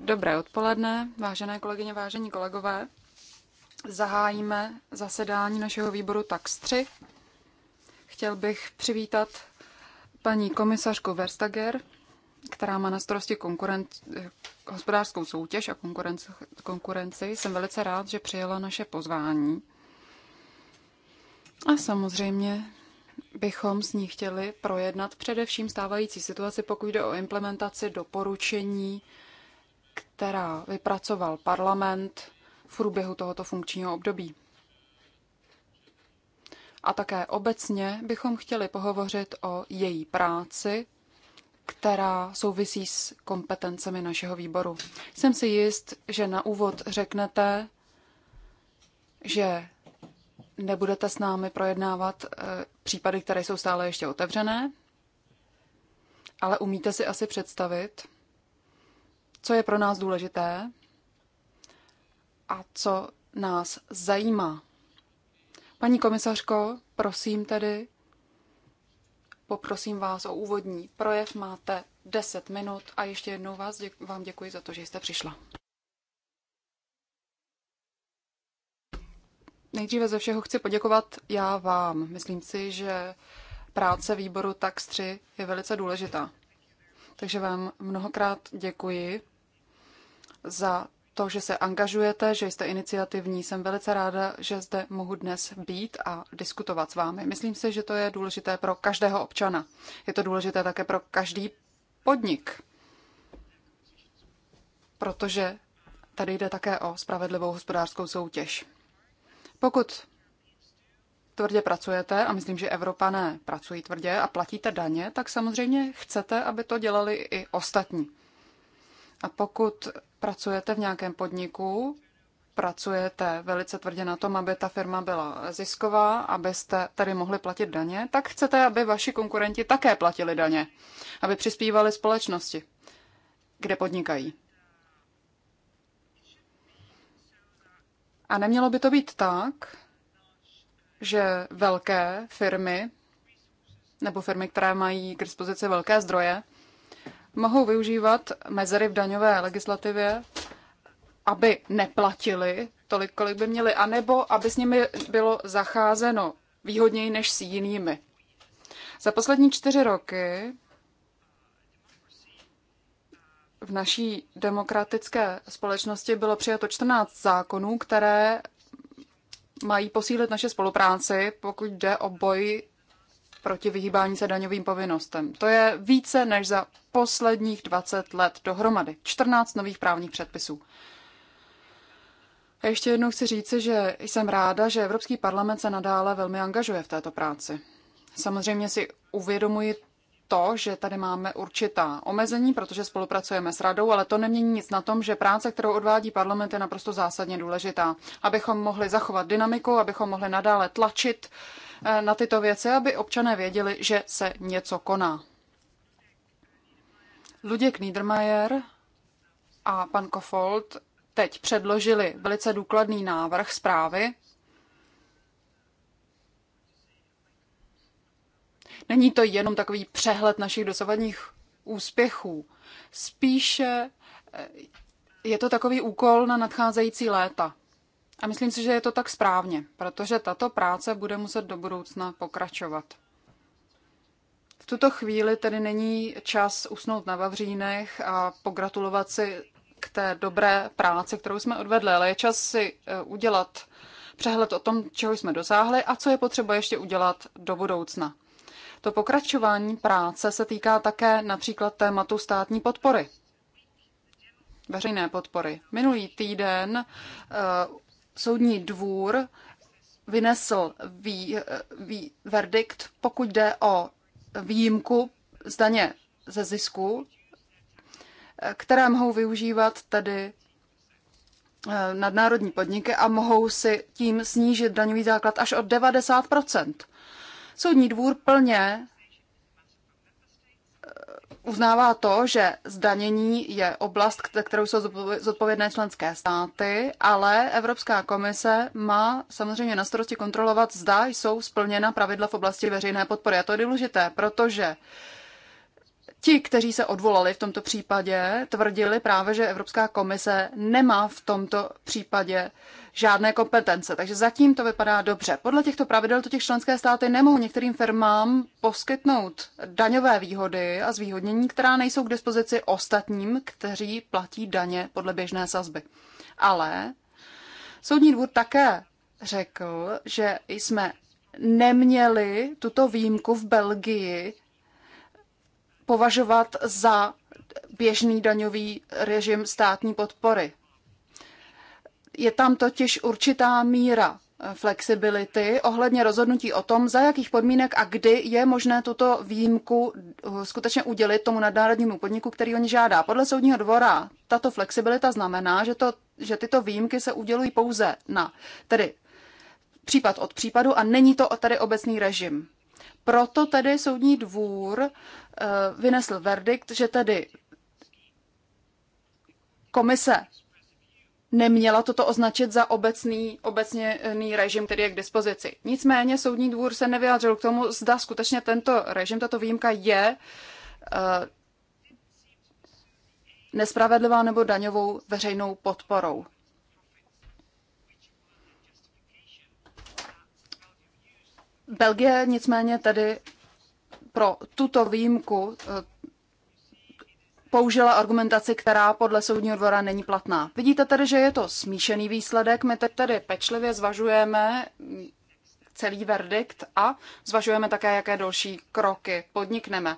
Dobré odpoledne, vážené kolegyně, vážení kolegové. Zahájíme zasedání našeho výboru TAX 3. Chtěl bych přivítat paní komisařku Verstager, která má na starosti konkurent, hospodářskou soutěž a konkurenci, konkurenci. Jsem velice rád, že přijela naše pozvání. A samozřejmě bychom s ní chtěli projednat především stávající situaci, pokud jde o implementaci doporučení, která vypracoval parlament v průběhu tohoto funkčního období. A také obecně bychom chtěli pohovořit o její práci, která souvisí s kompetencemi našeho výboru. Jsem si jist, že na úvod řeknete, že nebudete s námi projednávat eh, případy, které jsou stále ještě otevřené, ale umíte si asi představit, co je pro nás důležité a co nás zajímá. Paní komisařko, prosím tedy, poprosím vás o úvodní projev. Máte 10 minut a ještě jednou vás, vám děkuji za to, že jste přišla. Nejdříve ze všeho chci poděkovat já vám. Myslím si, že práce výboru TAX 3 je velice důležitá. Takže vám mnohokrát děkuji za to, že se angažujete, že jste iniciativní. Jsem velice ráda, že zde mohu dnes být a diskutovat s vámi. Myslím si, že to je důležité pro každého občana. Je to důležité také pro každý podnik, protože tady jde také o spravedlivou hospodářskou soutěž. Pokud tvrdě pracujete, a myslím, že Evropané pracují tvrdě a platíte daně, tak samozřejmě chcete, aby to dělali i ostatní. A pokud pracujete v nějakém podniku, pracujete velice tvrdě na tom, aby ta firma byla zisková, abyste tady mohli platit daně, tak chcete, aby vaši konkurenti také platili daně, aby přispívali společnosti, kde podnikají. A nemělo by to být tak, že velké firmy nebo firmy, které mají k dispozici velké zdroje, mohou využívat mezery v daňové legislativě, aby neplatili tolik, kolik by měli, anebo aby s nimi bylo zacházeno výhodněji než s jinými. Za poslední čtyři roky v naší demokratické společnosti bylo přijato 14 zákonů, které mají posílit naše spolupráci, pokud jde o boj proti vyhýbání se daňovým povinnostem. To je více než za posledních 20 let dohromady. 14 nových právních předpisů. A ještě jednou chci říci, že jsem ráda, že Evropský parlament se nadále velmi angažuje v této práci. Samozřejmě si uvědomuji to, že tady máme určitá omezení, protože spolupracujeme s radou, ale to nemění nic na tom, že práce, kterou odvádí parlament, je naprosto zásadně důležitá. Abychom mohli zachovat dynamiku, abychom mohli nadále tlačit eh, na tyto věci, aby občané věděli, že se něco koná. Luděk Niedermayer a pan Kofold teď předložili velice důkladný návrh zprávy, Není to jenom takový přehled našich dosavadních úspěchů. Spíše eh, je to takový úkol na nadcházející léta. A myslím si, že je to tak správně, protože tato práce bude muset do budoucna pokračovat. V tuto chvíli tedy není čas usnout na Vavřínech a pogratulovat si k té dobré práci, kterou jsme odvedli, ale je čas si eh, udělat přehled o tom, čeho jsme dosáhli a co je potřeba ještě udělat do budoucna. To pokračování práce se týká také například tématu státní podpory. Veřejné podpory. Minulý týden uh, soudní dvůr vynesl vý, eh, vý, verdikt, pokud jde o výjimku z daně ze zisku, eh, které mohou využívat tedy nadnárodní podniky a mohou si tím snížit daňový základ až o 90 Soudní dvůr plně eh, uznává to, že zdanění je oblast, kterou jsou zodpovědné členské státy, ale Evropská komise má samozřejmě na starosti kontrolovat, zda jsou splněna pravidla v oblasti veřejné podpory. A to je důležité, protože Ti, kteří se odvolali v tomto případě, tvrdili právě, že Evropská komise nemá v tomto případě žádné kompetence. Takže zatím to vypadá dobře. Podle těchto pravidel totiž členské státy nemohou některým firmám poskytnout daňové výhody a zvýhodnění, která nejsou k dispozici ostatním, kteří platí daně podle běžné sazby. Ale soudní dvůr také řekl, že jsme neměli tuto výjimku v Belgii považovat za běžný daňový režim státní podpory. Je tam totiž určitá míra flexibility ohledně rozhodnutí o tom, za jakých podmínek a kdy je možné tuto výjimku uh, skutečně udělit tomu nadnárodnímu podniku, který oni žádá. Podle soudního dvora tato flexibilita znamená, že, to, že tyto výjimky se udělují pouze na tedy případ od případu a není to tady obecný režim proto tedy soudní dvůr eh, vynesl verdikt, že tedy komise neměla toto označit za obecný, obecný režim, který je k dispozici. Nicméně soudní dvůr se nevyjádřil k tomu, zda skutečně tento režim, tato výjimka je eh, nespravedlivá nebo daňovou veřejnou podporou. Belgie nicméně tedy pro tuto výjimku eh, použila argumentaci, která podle soudního dvora není platná. Vidíte tedy, že je to smíšený výsledek. My teď tedy pečlivě zvažujeme celý verdikt a zvažujeme také, jaké další kroky podnikneme.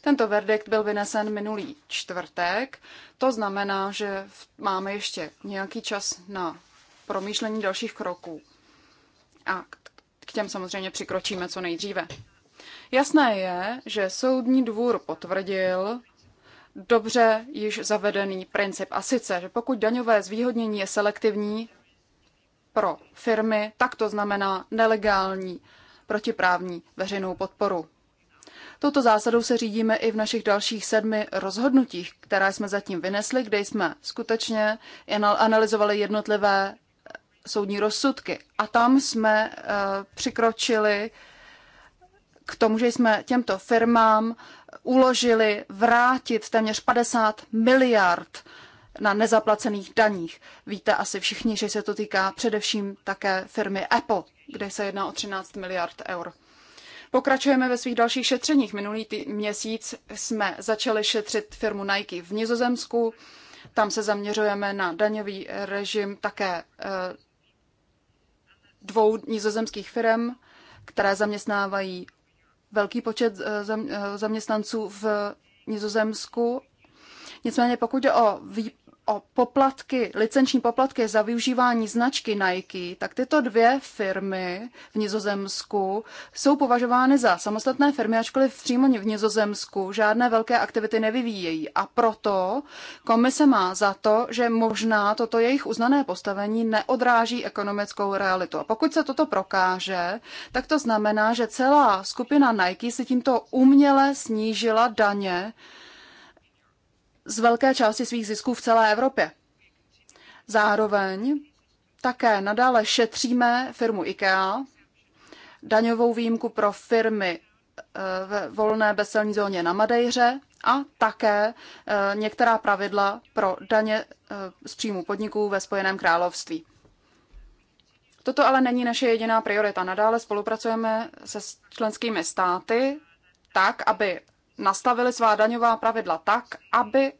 Tento verdikt byl vynesen minulý čtvrtek, to znamená, že máme ještě nějaký čas na promýšlení dalších kroků. A k těm samozřejmě přikročíme co nejdříve. Jasné je, že soudní dvůr potvrdil dobře již zavedený princip. A sice, že pokud daňové zvýhodnění je selektivní pro firmy, tak to znamená nelegální protiprávní veřejnou podporu. Toto zásadou se řídíme i v našich dalších sedmi rozhodnutích, která jsme zatím vynesli, kde jsme skutečně analyzovali jednotlivé soudní rozsudky. A tam jsme eh, přikročili k tomu, že jsme těmto firmám uložili vrátit téměř 50 miliard na nezaplacených daních. Víte asi všichni, že se to týká především také firmy Apple, kde se jedná o 13 miliard eur. Pokračujeme ve svých dalších šetřeních. Minulý měsíc jsme začali šetřit firmu Nike v Nizozemsku. Tam se zaměřujeme na daňový režim také eh, dvou nizozemských firm, které zaměstnávají velký počet eh, eh, zaměstnanců v Nizozemsku. Nicméně pokud jde o o poplatky, licenční poplatky za využívání značky Nike, tak tyto dvě firmy v Nizozemsku jsou považovány za samostatné firmy, ačkoliv přímo v Nizozemsku žádné velké aktivity nevyvíjejí. A proto komise má za to, že možná toto jejich uznané postavení neodráží ekonomickou realitu. A pokud se toto prokáže, tak to znamená, že celá skupina Nike si tímto uměle snížila daně z velké části svých zisků v celé Evropě. Zároveň také nadále šetříme firmu IKEA, daňovou výjimku pro firmy eh, ve volné bezcelní zóně na Madejře a také eh, některá pravidla pro daně eh, z příjmu podniků ve Spojeném království. Toto ale není naše jediná priorita. Nadále spolupracujeme se členskými státy tak, aby nastavili svá daňová pravidla tak, aby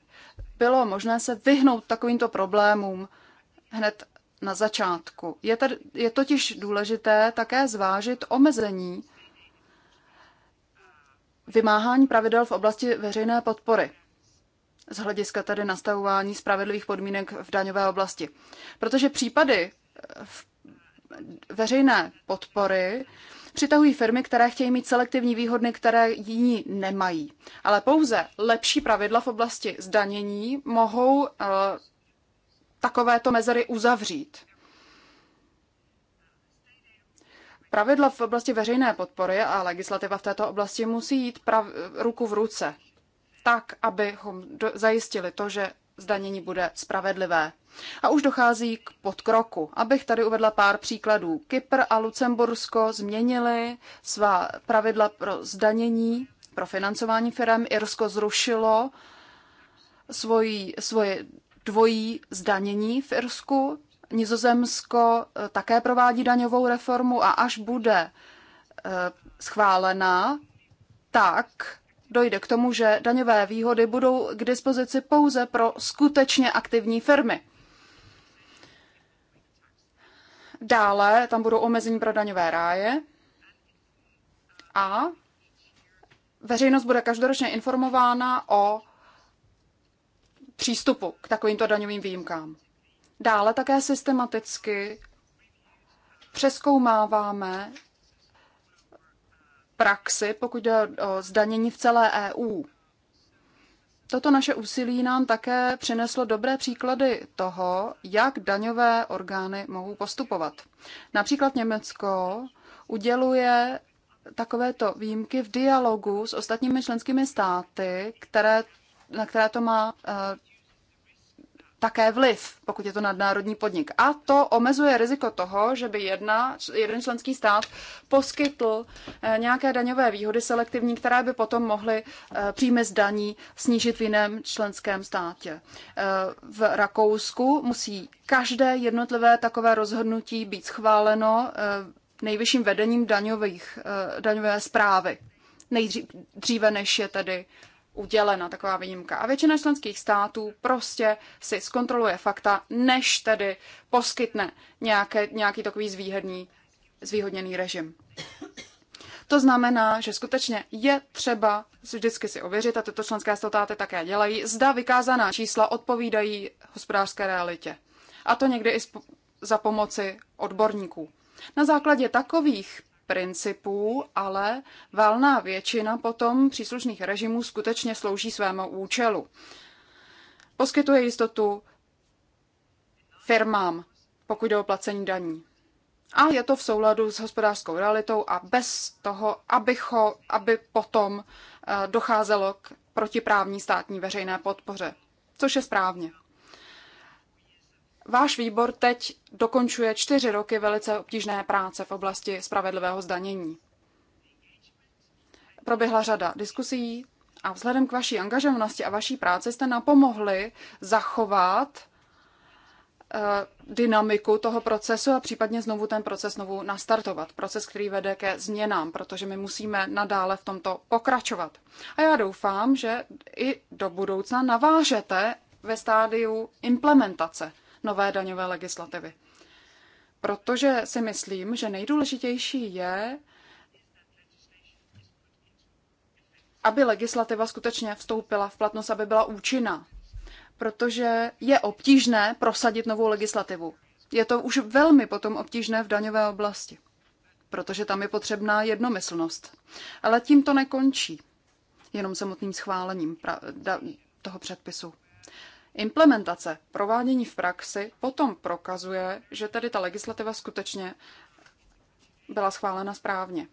bylo možné se vyhnout takovýmto problémům hned na začátku. Je, tady, je totiž důležité také zvážit omezení vymáhání pravidel v oblasti veřejné podpory z hlediska tedy nastavování spravedlivých podmínek v daňové oblasti. Protože případy v veřejné podpory přitahují firmy, které chtějí mít selektivní výhodny, které jiní nemají. Ale pouze lepší pravidla v oblasti zdanění mohou uh, takovéto mezery uzavřít. Pravidla v oblasti veřejné podpory a legislativa v této oblasti musí jít prav, ruku v ruce, tak, abychom do, zajistili to, že zdanění bude spravedlivé. A už dochází k podkroku. Abych tady uvedla pár příkladů. Kypr a Lucembursko změnili svá pravidla pro zdanění, pro financování firm. Irsko zrušilo svoji, svoje dvojí zdanění v Irsku. Nizozemsko eh, také provádí daňovou reformu a až bude eh, schválená, tak dojde k tomu, že daňové výhody budou k dispozici pouze pro skutečně aktivní firmy. Dále tam budou omezení pro daňové ráje a veřejnost bude každoročně informována o přístupu k takovýmto daňovým výjimkám. Dále také systematicky přeskoumáváme praxi, pokud jde o zdanění v celé EU. Toto naše úsilí nám také přineslo dobré příklady toho, jak daňové orgány mohou postupovat. Například Německo uděluje takovéto výjimky v dialogu s ostatními členskými státy, které, na které to má eh, také vliv, pokud je to nadnárodní podnik. A to omezuje riziko toho, že by jedna, jeden členský stát poskytl eh, nějaké daňové výhody selektivní, které by potom mohly eh, příjmy z daní snížit v jiném členském státě. Eh, v Rakousku musí každé jednotlivé takové rozhodnutí být schváleno nejvyšším vedením daňových, daňové zprávy. Nejdříve, dříve než je tedy udělena taková výjimka. A většina členských států prostě si zkontroluje fakta, než tedy poskytne nějaké, nějaký takový zvýhodný, zvýhodněný režim. To znamená, že skutečně je třeba vždycky si ověřit, a tyto členské státy také dělají, zda vykázaná čísla odpovídají hospodářské realitě. A to někdy i za pomoci odborníků. Na základě takových principů, ale valná většina potom příslušných režimů skutečně slouží svému účelu. Poskytuje jistotu firmám, pokud jde o placení daní. A je to v souladu s hospodářskou realitou a bez toho, abycho, aby potom eh, docházelo k protiprávní státní veřejné podpoře, což je správně. Váš výbor teď dokončuje čtyři roky velice obtížné práce v oblasti spravedlivého zdanění. Proběhla řada diskusí a vzhledem k vaší angažovanosti a vaší práci jste napomohli zachovat eh, dynamiku toho procesu a případně znovu ten proces znovu nastartovat. Proces, který vede ke změnám, protože my musíme nadále v tomto pokračovat. A já doufám, že i do budoucna navážete ve stádiu implementace nové daňové legislativy. Protože si myslím, že nejdůležitější je, aby legislativa skutečně vstoupila v platnost, aby byla účinná. Protože je obtížné prosadit novou legislativu. Je to už velmi potom obtížné v daňové oblasti, protože tam je potřebná jednomyslnost. Ale tím to nekončí, jenom samotným schválením toho předpisu. Implementace, provádění v praxi potom prokazuje, že tedy ta legislativa skutečně byla schválena správně.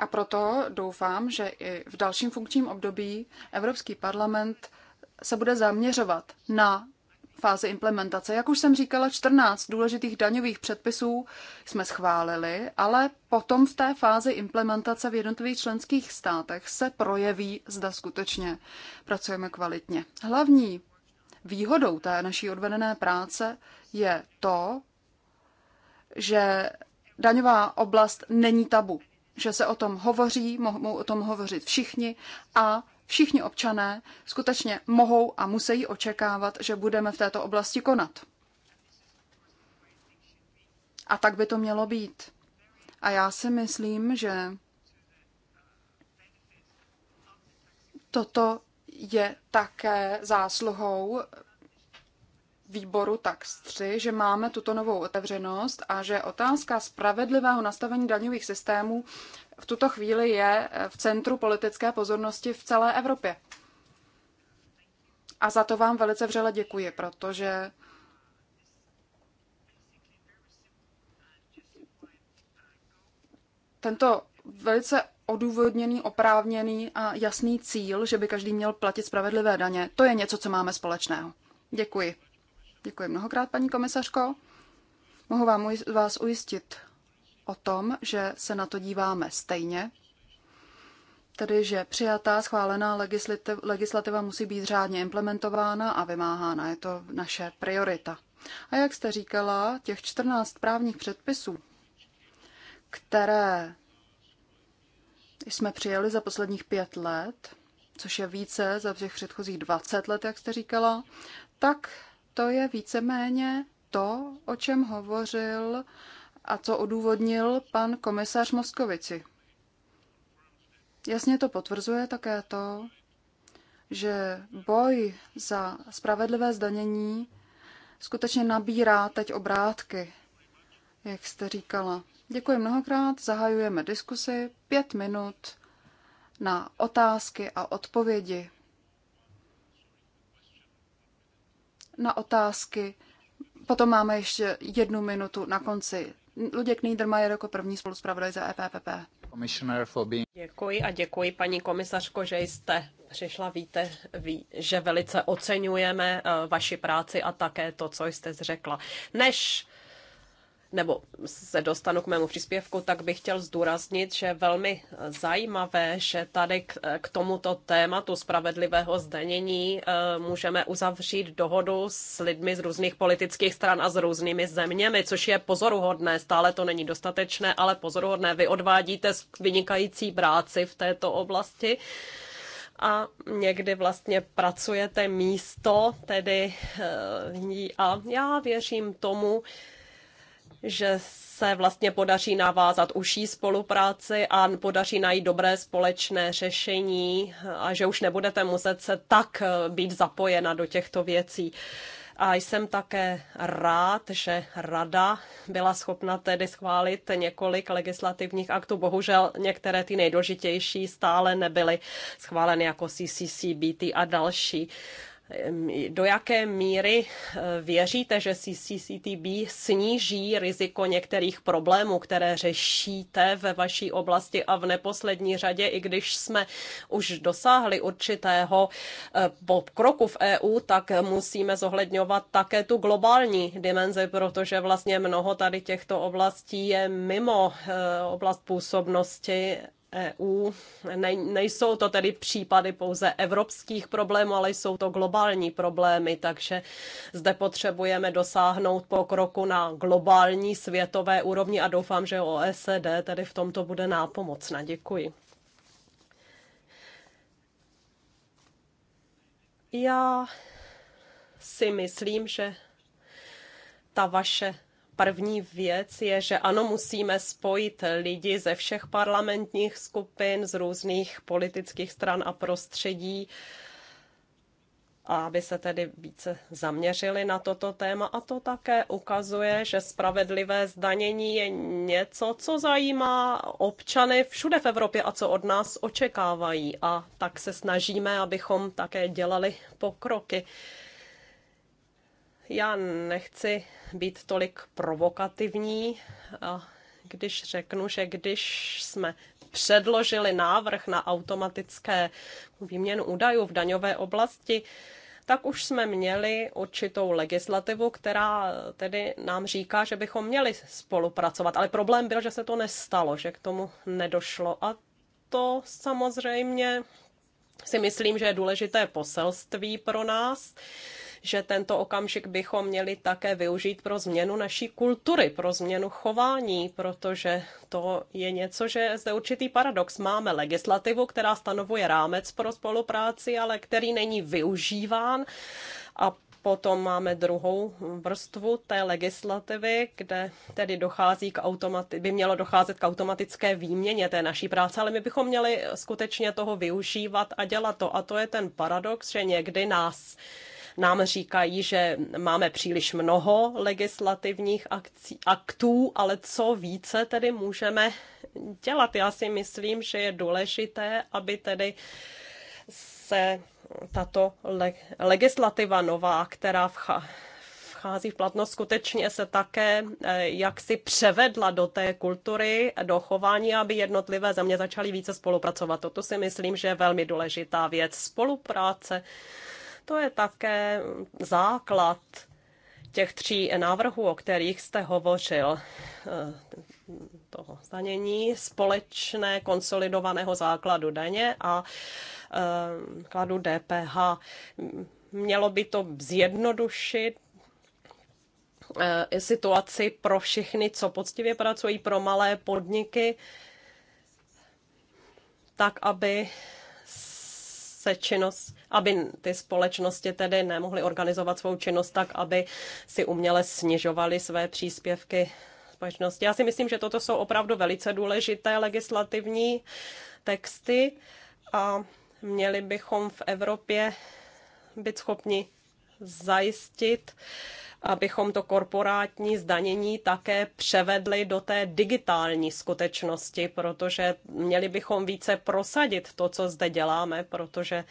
A proto doufám, že i v dalším funkčním období Evropský parlament se bude zaměřovat na fázi implementace. Jak už jsem říkala, 14 důležitých daňových předpisů jsme schválili, ale potom v té fázi implementace v jednotlivých členských státech se projeví, zda skutečně pracujeme kvalitně. Hlavní výhodou té naší odvedené práce je to, že daňová oblast není tabu, že se o tom hovoří, mohou o tom hovořit všichni a všichni občané skutečně mohou a musí očekávat, že budeme v této oblasti konat. A tak by to mělo být. A já si myslím, že toto je také zásluhou výboru tak 3, že máme tuto novou otevřenost a že otázka spravedlivého nastavení daňových systémů v tuto chvíli je eh, v centru politické pozornosti v celé Evropě. A za to vám velice vřele děkuji, protože tento velice odůvodněný, oprávněný a jasný cíl, že by každý měl platit spravedlivé daně, to je něco, co máme společného. Děkuji. Děkuji mnohokrát, paní komisařko. Mohu vám vás ujistit o tom, že se na to díváme stejně, tedy že přijatá, schválená legislativa musí být řádně implementována a vymáhána. Je to naše priorita. A jak jste říkala, těch 14 právních předpisů, které jsme přijeli za posledních pět let, což je více za těch předchozích 20 let, jak jste říkala, tak to je víceméně to, o čem hovořil a co odůvodnil pan komisař Moskovici. Jasně to potvrzuje také to, že boj za spravedlivé zdanění skutečně nabírá teď obrátky, jak jste říkala. Děkuji mnohokrát, zahajujeme diskusi, pět minut na otázky a odpovědi. Na otázky, potom máme ještě jednu minutu na konci Luděk Niedermayer jako první spoluzpravodaj za EPPP. Děkuji a děkuji, paní komisařko, že jste přišla. Víte, ví, že velice oceňujeme eh, vaši práci a také to, co jste zřekla. Než nebo se dostanu k mému příspěvku, tak bych chtěl zdůraznit, že je velmi zajímavé, že tady k, tomuto tématu spravedlivého zdanění eh, můžeme uzavřít dohodu s lidmi z různých politických stran a s různými zeměmi, což je pozoruhodné. Stále to není dostatečné, ale pozoruhodné. Vy odvádíte vynikající práci v této oblasti a někdy vlastně pracujete místo, tedy eh, a já věřím tomu, že se vlastně podaří navázat užší spolupráci a podaří najít dobré společné řešení a že už nebudete muset se tak eh, být zapojena do těchto věcí. A jsem také rád, že rada byla schopna tedy schválit několik legislativních aktů. Bohužel některé ty nejdůležitější stále nebyly schváleny jako CCCBT a další do jaké míry eh, věříte, že CCTB sníží riziko některých problémů, které řešíte ve vaší oblasti a v neposlední řadě, i když jsme už dosáhli určitého eh, kroku v EU, tak musíme zohledňovat také tu globální dimenzi, protože vlastně mnoho tady těchto oblastí je mimo eh, oblast působnosti EU. Ne, nejsou to tedy případy pouze evropských problémů, ale jsou to globální problémy, takže zde potřebujeme dosáhnout pokroku na globální světové úrovni a doufám, že OSD tedy v tomto bude nápomocna. Děkuji. Já si myslím, že ta vaše První věc je, že ano, musíme spojit lidi ze všech parlamentních skupin, z různých politických stran a prostředí, a aby se tedy více zaměřili na toto téma. A to také ukazuje, že spravedlivé zdanění je něco, co zajímá občany všude v Evropě a co od nás očekávají. A tak se snažíme, abychom také dělali pokroky. Já nechci být tolik provokativní, a když řeknu, že když jsme předložili návrh na automatické výměnu údajů v daňové oblasti, tak už jsme měli určitou legislativu, která tedy nám říká, že bychom měli spolupracovat. Ale problém byl, že se to nestalo, že k tomu nedošlo. A to samozřejmě si myslím, že je důležité poselství pro nás, že tento okamžik bychom měli také využít pro změnu naší kultury, pro změnu chování, protože to je něco, že je zde určitý paradox. Máme legislativu, která stanovuje rámec pro spolupráci, ale který není využíván a Potom máme druhou vrstvu té legislativy, kde tedy dochází k automati- by mělo docházet k automatické výměně té naší práce, ale my bychom měli skutečně toho využívat a dělat to. A to je ten paradox, že někdy nás nám říkají, že máme příliš mnoho legislativních akcí, aktů, ale co více tedy můžeme dělat. Já si myslím, že je důležité, aby tedy se tato le- legislativa nová, která vcha- vchází v platnost, skutečně se také eh, jaksi převedla do té kultury, do chování, aby jednotlivé země začaly více spolupracovat. Toto si myslím, že je velmi důležitá věc. Spolupráce to je také základ těch tří návrhů, o kterých jste hovořil, eh, toho zdanění společné konsolidovaného základu daně a eh, kladu DPH. Mělo by to zjednodušit eh, situaci pro všechny, co poctivě pracují, pro malé podniky, tak aby se činnost, aby ty společnosti tedy nemohly organizovat svou činnost tak, aby si uměle snižovaly své příspěvky společnosti. Já si myslím, že toto jsou opravdu velice důležité legislativní texty a měli bychom v Evropě být schopni zajistit, abychom to korporátní zdanění také převedli do té digitální skutečnosti, protože měli bychom více prosadit to, co zde děláme, protože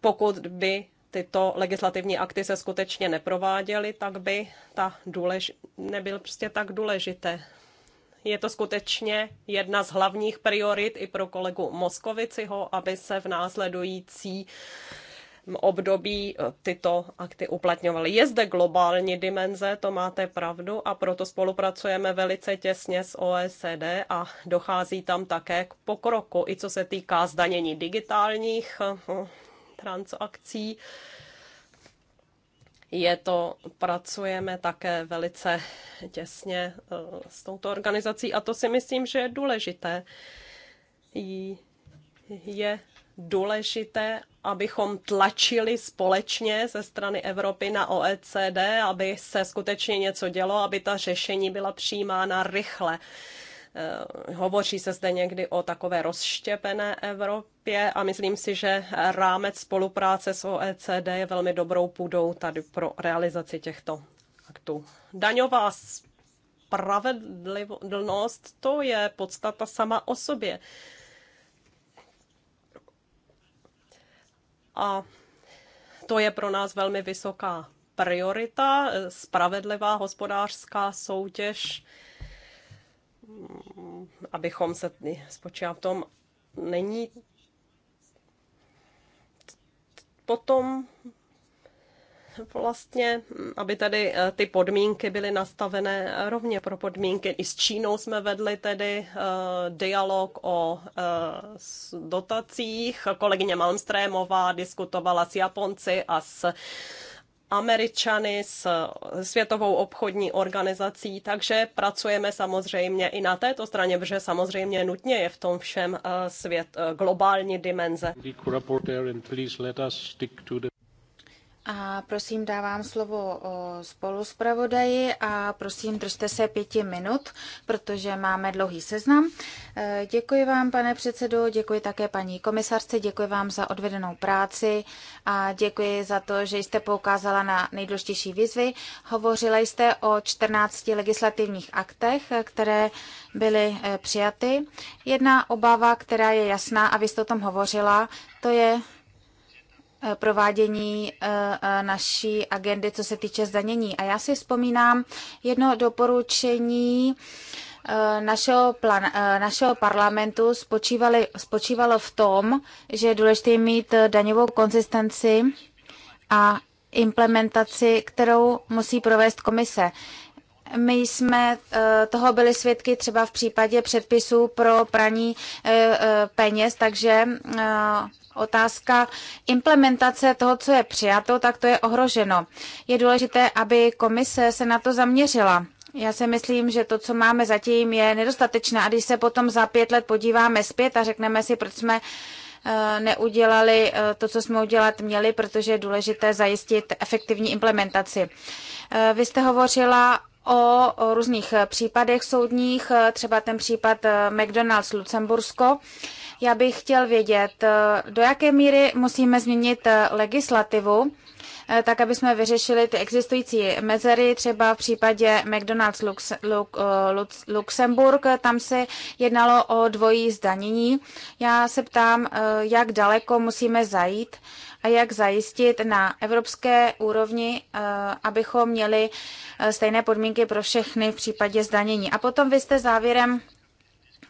pokud by tyto legislativní akty se skutečně neprováděly, tak by ta důlež... nebyl prostě tak důležité. Je to skutečně jedna z hlavních priorit i pro kolegu Moskoviciho, aby se v následující období e, tyto akty uplatňovaly. Je zde globální dimenze, to máte pravdu, a proto spolupracujeme velice těsně s OECD a dochází tam také k pokroku, i co se týká zdanění digitálních e, transakcí. Je to, pracujeme také velice těsně e, s touto organizací a to si myslím, že je důležité. Je důležité, abychom tlačili společně ze strany Evropy na OECD, aby se skutečně něco dělo, aby ta řešení byla přijímána rychle. Eh, hovoří se zde někdy o takové rozštěpené Evropě a myslím si, že rámec spolupráce s OECD je velmi dobrou půdou tady pro realizaci těchto aktů. Daňová spravedlnost, to je podstata sama o sobě. A to je pro nás velmi vysoká priorita, spravedlivá hospodářská soutěž, mm, abychom se spočívali v tom, není potom vlastně, aby tady eh, ty podmínky byly nastavené rovně pro podmínky. I s Čínou jsme vedli tedy eh, dialog o eh, dotacích. Kolegyně Malmstrémová diskutovala s Japonci a s Američany s Světovou obchodní organizací, takže pracujeme samozřejmě i na této straně, protože samozřejmě nutně je v tom všem svět globální dimenze. A prosím, dávám slovo spolu zpravodaji a prosím, držte se pěti minut, protože máme dlouhý seznam. E, děkuji vám, pane předsedo, děkuji také paní komisarce, děkuji vám za odvedenou práci a děkuji za to, že jste poukázala na nejdůležitější výzvy. Hovořila jste o 14 legislativních aktech, které byly e, přijaty. Jedna obava, která je jasná, a vy jste o tom hovořila, to je Eh, provádění eh, eh, naší agendy, co se týče zdanění. A já si vzpomínám jedno doporučení našeho, plan, našeho parlamentu spočívalo v tom, že je důležité mít daňovou konzistenci a implementaci, kterou musí provést komise. My jsme eh, toho byli svědky třeba v případě předpisů pro praní eh, eh, peněz, takže otázka implementace toho, co je přijato, tak to je ohroženo. Je důležité, aby komise se na to zaměřila. Já si myslím, že to, co máme zatím, je nedostatečné. A když se potom za pět let podíváme zpět a řekneme si, proč jsme neudělali to, co jsme udělat měli, protože je důležité zajistit efektivní implementaci. Vy jste hovořila o různých případech soudních, třeba ten případ eh, McDonald's Lucembursko. Já bych chtěl vědět, eh, do jaké míry musíme změnit eh, legislativu, tak aby jsme vyřešili ty existující mezery, třeba v případě McDonald's Lux, Lux, Lux, Luxemburg, tam se jednalo o dvojí zdanění. Já se ptám, jak daleko musíme zajít, a jak zajistit na evropské úrovni, eh, abychom měli eh, stejné podmínky pro všechny v případě zdanění. A potom vy jste závěrem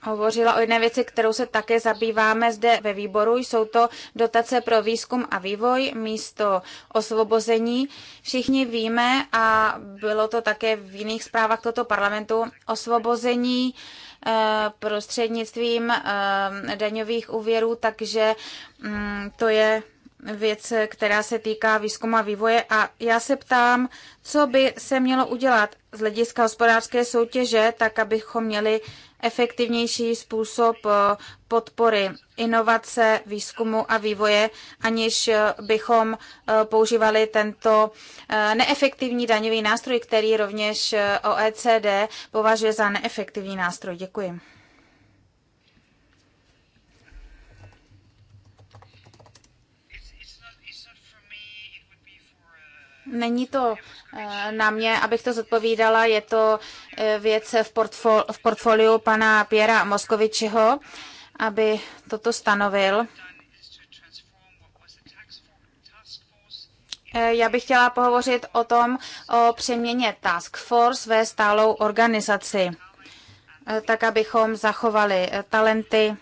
hovořila o jedné věci, kterou se také zabýváme zde ve výboru. Jsou to dotace pro výzkum a vývoj místo osvobození. Všichni víme, a bylo to také v jiných zprávách toto parlamentu, osvobození eh, prostřednictvím daňových úvěrů, takže mm, to je věc, která se týká výzkumu a vývoje a já se ptám, co by se mělo udělat z hlediska hospodářské soutěže, tak abychom měli efektivnější způsob eh, podpory inovace, výzkumu a vývoje, aniž eh, bychom eh, používali tento neefektivní daňový nástroj, který rovněž OECD považuje za neefektivní nástroj. Děkuji. Není to eh, na mě, abych to zodpovídala, je to eh, věc v, portfol, v portfoliu pana Piera Moskovičiho, aby toto stanovil. Eh, já bych chtěla pohovořit o tom, o přeměně Task Force ve stálou organizaci, tak abychom zachovali talenty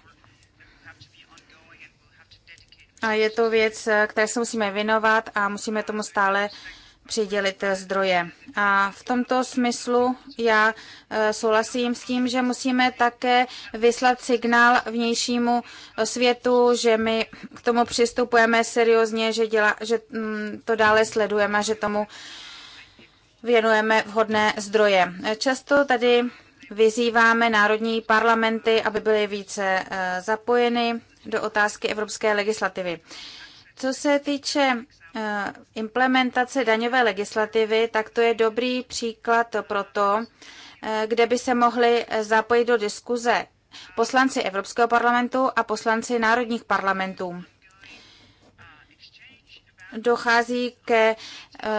je to věc, které se musíme věnovat a musíme tomu stále přidělit zdroje. A v tomto smyslu já eh, souhlasím s tím, že musíme také vyslat signál vnějšímu světu, že my k tomu přistupujeme seriózně, že, děla, že mm, to dále sledujeme, že tomu věnujeme vhodné zdroje. Často tady vyzýváme národní parlamenty, aby byly více eh, zapojeny do otázky evropské legislativy. Co se týče eh, implementace daňové legislativy, tak to je dobrý příklad pro to, eh, kde by se mohli eh, zapojit do diskuze poslanci Evropského parlamentu a poslanci národních parlamentů dochází ke eh,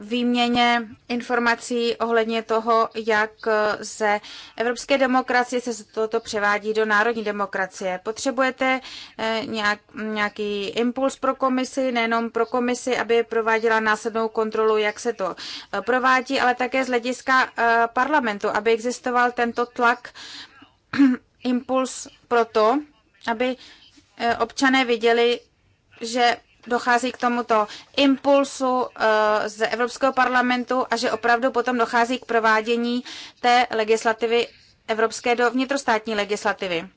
výměně informací ohledně toho, jak eh, ze evropské demokracie se toto převádí do národní demokracie. Potřebujete eh, nějak, nějaký impuls pro komisi, nejenom pro komisi, aby prováděla následnou kontrolu, jak se to provádí, ale také z hlediska parlamentu, aby existoval tento tlak, impuls pro to, aby občané viděli, že dochází k tomuto impulsu eh, z Evropského parlamentu a že opravdu potom dochází k provádění té legislativy evropské do vnitrostátní legislativy.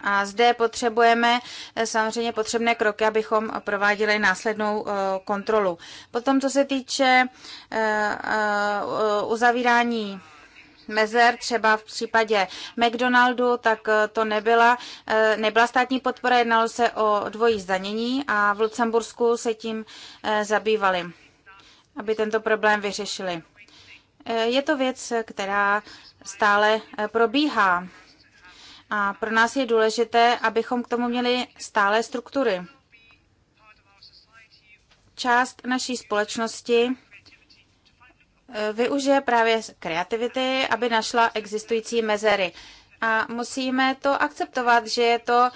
A zde potřebujeme eh, samozřejmě potřebné kroky, abychom prováděli následnou eh, kontrolu. Potom, co se týče uzavírání mezer, třeba v případě McDonaldu, tak eh, to nebyla, eh, nebyla státní podpora, jednalo se o dvojí zdanění a v Lucembursku se tím eh, zabývali, aby tento problém vyřešili. Je to věc, která stále probíhá. A pro nás je důležité, abychom k tomu měli stále struktury. Část naší společnosti Eh, využije právě kreativity, aby našla existující mezery. A musíme to akceptovat, že je to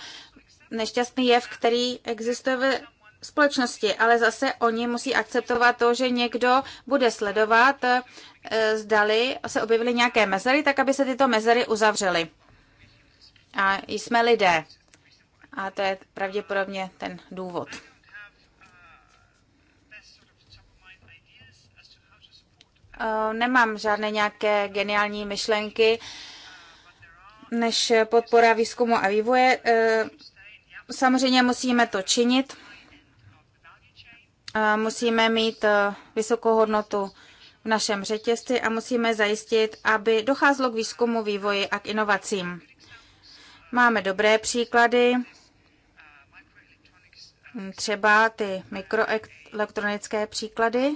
nešťastný jev, který existuje ve společnosti, ale zase oni musí akceptovat to, že někdo bude sledovat, eh, zdali se objevily nějaké mezery, tak aby se tyto mezery uzavřely. A jsme lidé. A to je pravděpodobně ten důvod. Eh, nemám žádné nějaké geniální myšlenky, než podpora výzkumu a vývoje. Eh, samozřejmě musíme to činit. Eh, musíme mít vysokou hodnotu v našem řetězci a musíme zajistit, aby docházelo k výzkumu, vývoji a k inovacím. Máme dobré příklady, třeba ty mikroelektronické příklady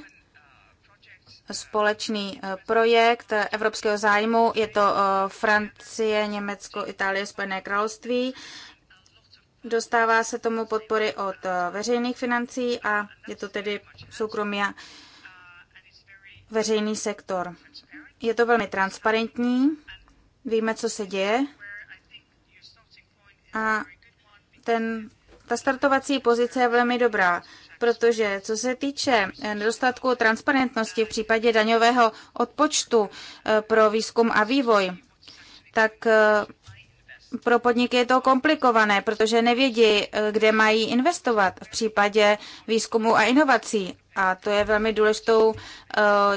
společný eh, projekt evropského zájmu. Je to eh, Francie, Německo, Itálie, Spojené království. Dostává se tomu podpory od eh, veřejných financí a je to tedy soukromý a veřejný sektor. Je to velmi transparentní, víme, co se děje a ten, ta startovací pozice je velmi dobrá protože co se týče eh, nedostatku transparentnosti v případě daňového odpočtu eh, pro výzkum a vývoj, tak eh, pro podniky je to komplikované, protože nevědí, kde mají investovat v případě výzkumu a inovací. A to je velmi důležitou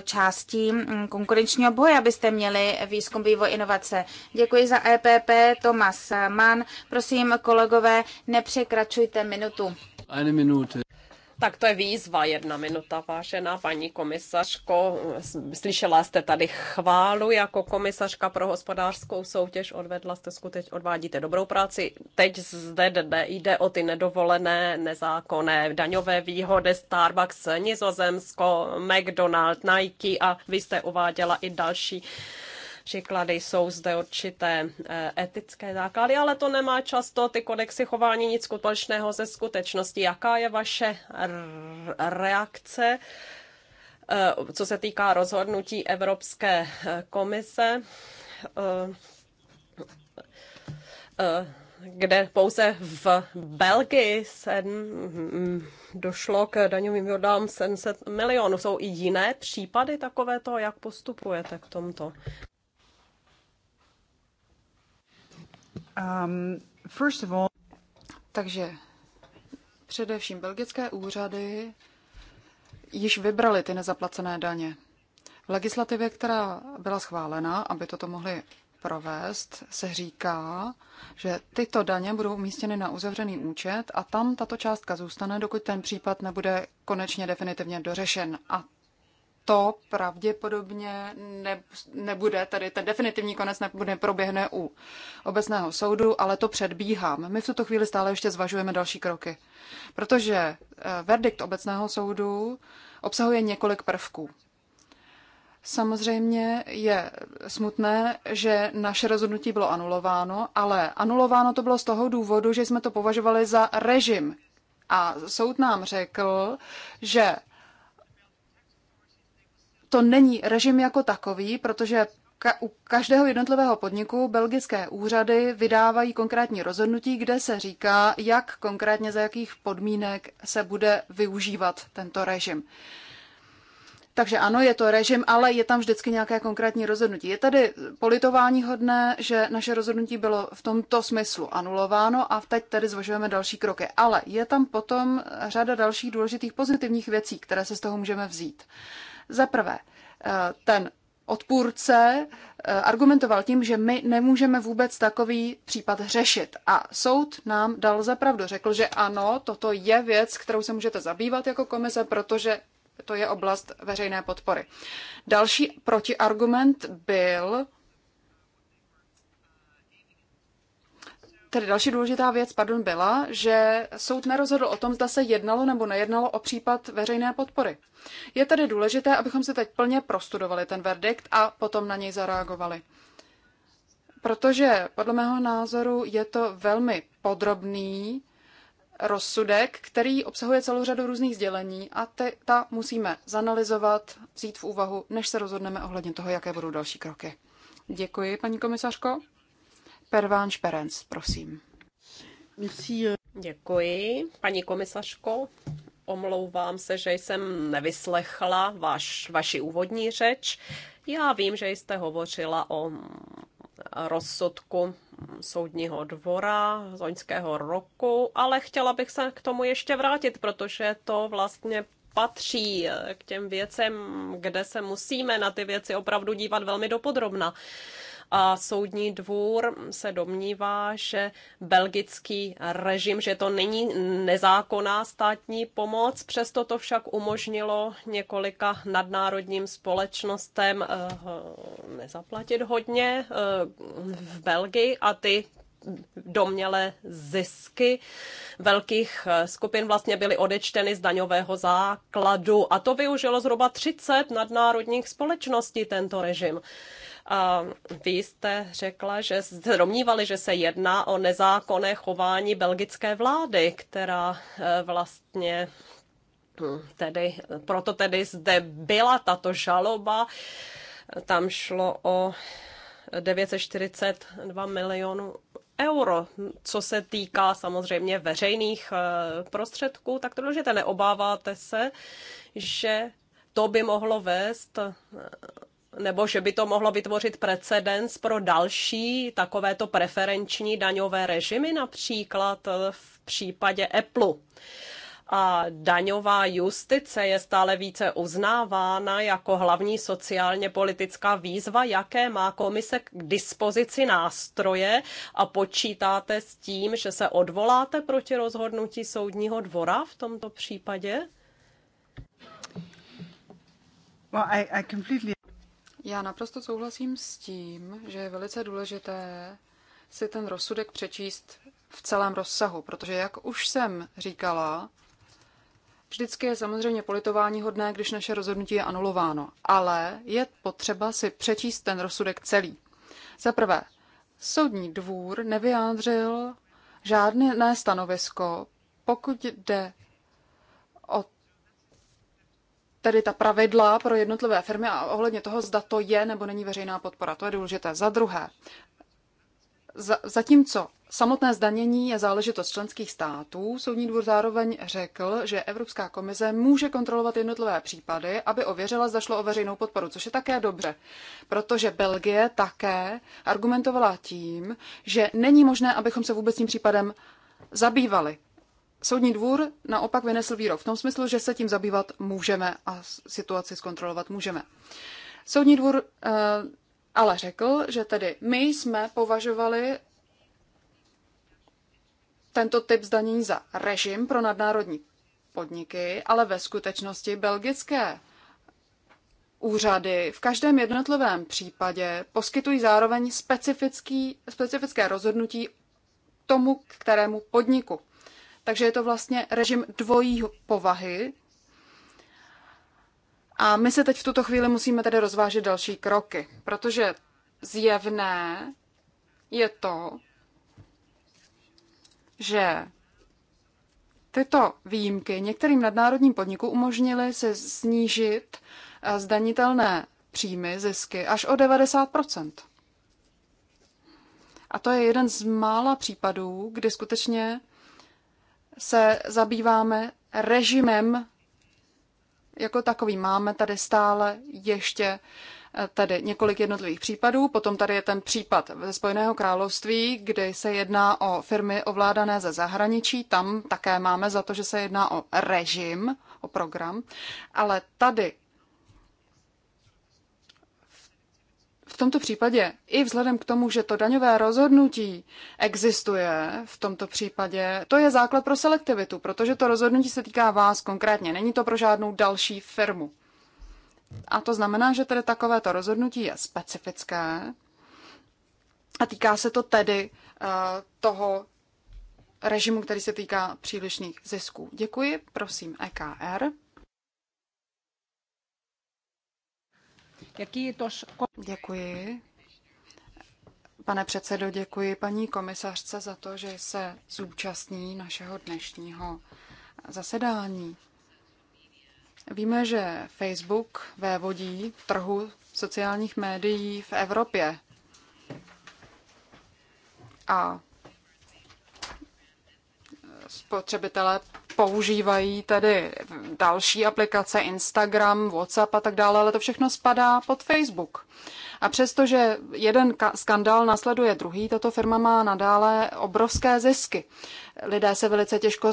částí mm, konkurenčního boje, abyste měli výzkum, vývoj, inovace. Děkuji za EPP, Tomas Mann. Prosím, kolegové, nepřekračujte minutu. Eine minute. Tak to je výzva, jedna minuta, vážená paní komisařko. Slyšela jste tady chválu jako komisařka pro hospodářskou soutěž, odvedla jste skutečně odvádíte dobrou práci. Teď zde jde o ty nedovolené, nezákonné daňové výhody Starbucks, Nizozemsko, McDonald, Nike a vy jste uváděla i další příklady. Jsou zde určité eh, etické základy, ale to nemá často ty kodexy chování nic společného ze skutečnosti. Jaká je vaše reakce? Eh, co se týká rozhodnutí Evropské eh, komise, kde pouze v Belgii se hm, došlo k daňovým výhodám 700 milionů. Jsou i jiné případy takovéto, jak postupujete k tomuto? Um, first of all... Takže především belgické úřady již vybrali ty nezaplacené daně. V legislativě, která byla schválena, aby toto mohli provést, se říká, že tyto daně budou umístěny na uzavřený účet a tam tato částka zůstane, dokud ten případ nebude konečně definitivně dořešen. A to pravděpodobně ne, nebude, tedy ten definitivní konec nebude, proběhne u obecného soudu, ale to předbíhám. My v tuto chvíli stále ještě zvažujeme další kroky, protože eh, verdikt obecného soudu obsahuje několik prvků. Samozřejmě je smutné, že naše rozhodnutí bylo anulováno, ale anulováno to bylo z toho důvodu, že jsme to považovali za režim. A soud nám řekl, že to není režim jako takový, protože ka- u každého jednotlivého podniku belgické úřady vydávají konkrétní rozhodnutí, kde se říká, jak konkrétně za jakých podmínek se bude využívat tento režim. Takže ano, je to režim, ale je tam vždycky nějaké konkrétní rozhodnutí. Je tady politování hodné, že naše rozhodnutí bylo v tomto smyslu anulováno a teď tedy zvažujeme další kroky. Ale je tam potom řada dalších důležitých pozitivních věcí, které se z toho můžeme vzít. Uh, za prvé, eh, ten odpůrce eh, argumentoval tím, že my nemůžeme vůbec takový případ řešit. A soud nám dal zapravdu. Řekl, že ano, toto je věc, kterou se můžete zabývat jako komise, protože to je oblast veřejné podpory. Další protiargument byl, Tedy další důležitá věc, pardon, byla, že soud nerozhodl o tom, zda se jednalo nebo nejednalo o případ veřejné podpory. Je tedy důležité, abychom si teď plně prostudovali ten verdikt a potom na něj zareagovali. Protože podle mého názoru je to velmi podrobný rozsudek, který obsahuje celou řadu různých sdělení a te, ta musíme zanalizovat, vzít v úvahu, než se rozhodneme ohledně toho, jaké budou další kroky. Děkuji, paní komisařko. Pervánč prosím. Eh. Děkuji, paní komisařko. Omlouvám se, že jsem nevyslechla vaš, vaši úvodní řeč. Já vím, že jste hovořila o rozsudku soudního dvora z loňského roku, ale chtěla bych se k tomu ještě vrátit, protože to vlastně patří eh, k těm věcem, kde se musíme na ty věci opravdu dívat velmi dopodrobna a soudní dvůr se domnívá, že belgický režim, že to není nezákonná státní pomoc, přesto to však umožnilo několika nadnárodním společnostem eh, nezaplatit hodně eh, v Belgii a ty domněle zisky velkých eh, skupin vlastně byly odečteny z daňového základu. A to využilo zhruba 30 nadnárodních společností tento režim vy jste řekla, že jste domnívali, že se jedná o nezákonné chování belgické vlády, která e, vlastně hm, tedy, proto tedy zde byla tato žaloba. Tam šlo o 942 milionů euro. Co se týká samozřejmě veřejných e, prostředků, tak to důležité. Neobáváte se, že to by mohlo vést e, nebo že by to mohlo vytvořit precedens pro další takovéto preferenční daňové režimy, například v případě Apple. A daňová justice je stále více uznávána jako hlavní sociálně politická výzva, jaké má komise k dispozici nástroje a počítáte s tím, že se odvoláte proti rozhodnutí soudního dvora v tomto případě? Well, I, I completely... Já naprosto souhlasím s tím, že je velice důležité si ten rozsudek přečíst v celém rozsahu, protože jak už jsem říkala, Vždycky je samozřejmě politování hodné, když naše rozhodnutí je anulováno, ale je potřeba si přečíst ten rozsudek celý. Za prvé, soudní dvůr nevyjádřil žádné stanovisko, pokud jde tedy ta pravidla pro jednotlivé firmy a ohledně toho, zda to je nebo není veřejná podpora. To je důležité. Za druhé, za, zatímco samotné zdanění je záležitost členských států, Soudní dvůr zároveň řekl, že Evropská komise může kontrolovat jednotlivé případy, aby ověřila, zda šlo o veřejnou podporu, což je také dobře, protože Belgie také argumentovala tím, že není možné, abychom se vůbec tím případem zabývali. Soudní dvůr naopak vynesl výrok v tom smyslu, že se tím zabývat můžeme a situaci zkontrolovat můžeme. Soudní dvůr eh, ale řekl, že tedy my jsme považovali tento typ zdanění za režim pro nadnárodní podniky, ale ve skutečnosti belgické úřady v každém jednotlivém případě poskytují zároveň specifický, specifické rozhodnutí tomu, kterému podniku. Takže je to vlastně režim dvojí povahy. A my se teď v tuto chvíli musíme tedy rozvážit další kroky, protože zjevné je to, že tyto výjimky některým nadnárodním podnikům umožnily se snížit eh, zdanitelné příjmy, zisky až o 90 A to je jeden z mála případů, kdy skutečně se zabýváme režimem jako takový. Máme tady stále ještě eh, tady několik jednotlivých případů. Potom tady je ten případ ze Spojeného království, kdy se jedná o firmy ovládané ze zahraničí. Tam také máme za to, že se jedná o režim, o program. Ale tady tomto případě, i vzhledem k tomu, že to daňové rozhodnutí existuje v tomto případě, to je základ pro selektivitu, protože to rozhodnutí se týká vás konkrétně, není to pro žádnou další firmu. A to znamená, že tedy takovéto rozhodnutí je specifické a týká se to tedy uh, toho režimu, který se týká přílišných zisků. Děkuji, prosím EKR. Děkuji. Pane předsedo, děkuji paní komisařce za to, že se zúčastní našeho dnešního zasedání. Víme, že Facebook vévodí trhu sociálních médií v Evropě. A spotřebitelé používají tedy další aplikace, Instagram, WhatsApp a tak dále, ale to všechno spadá pod Facebook. A přestože jeden skandál nasleduje druhý, tato firma má nadále obrovské zisky. Lidé se velice těžko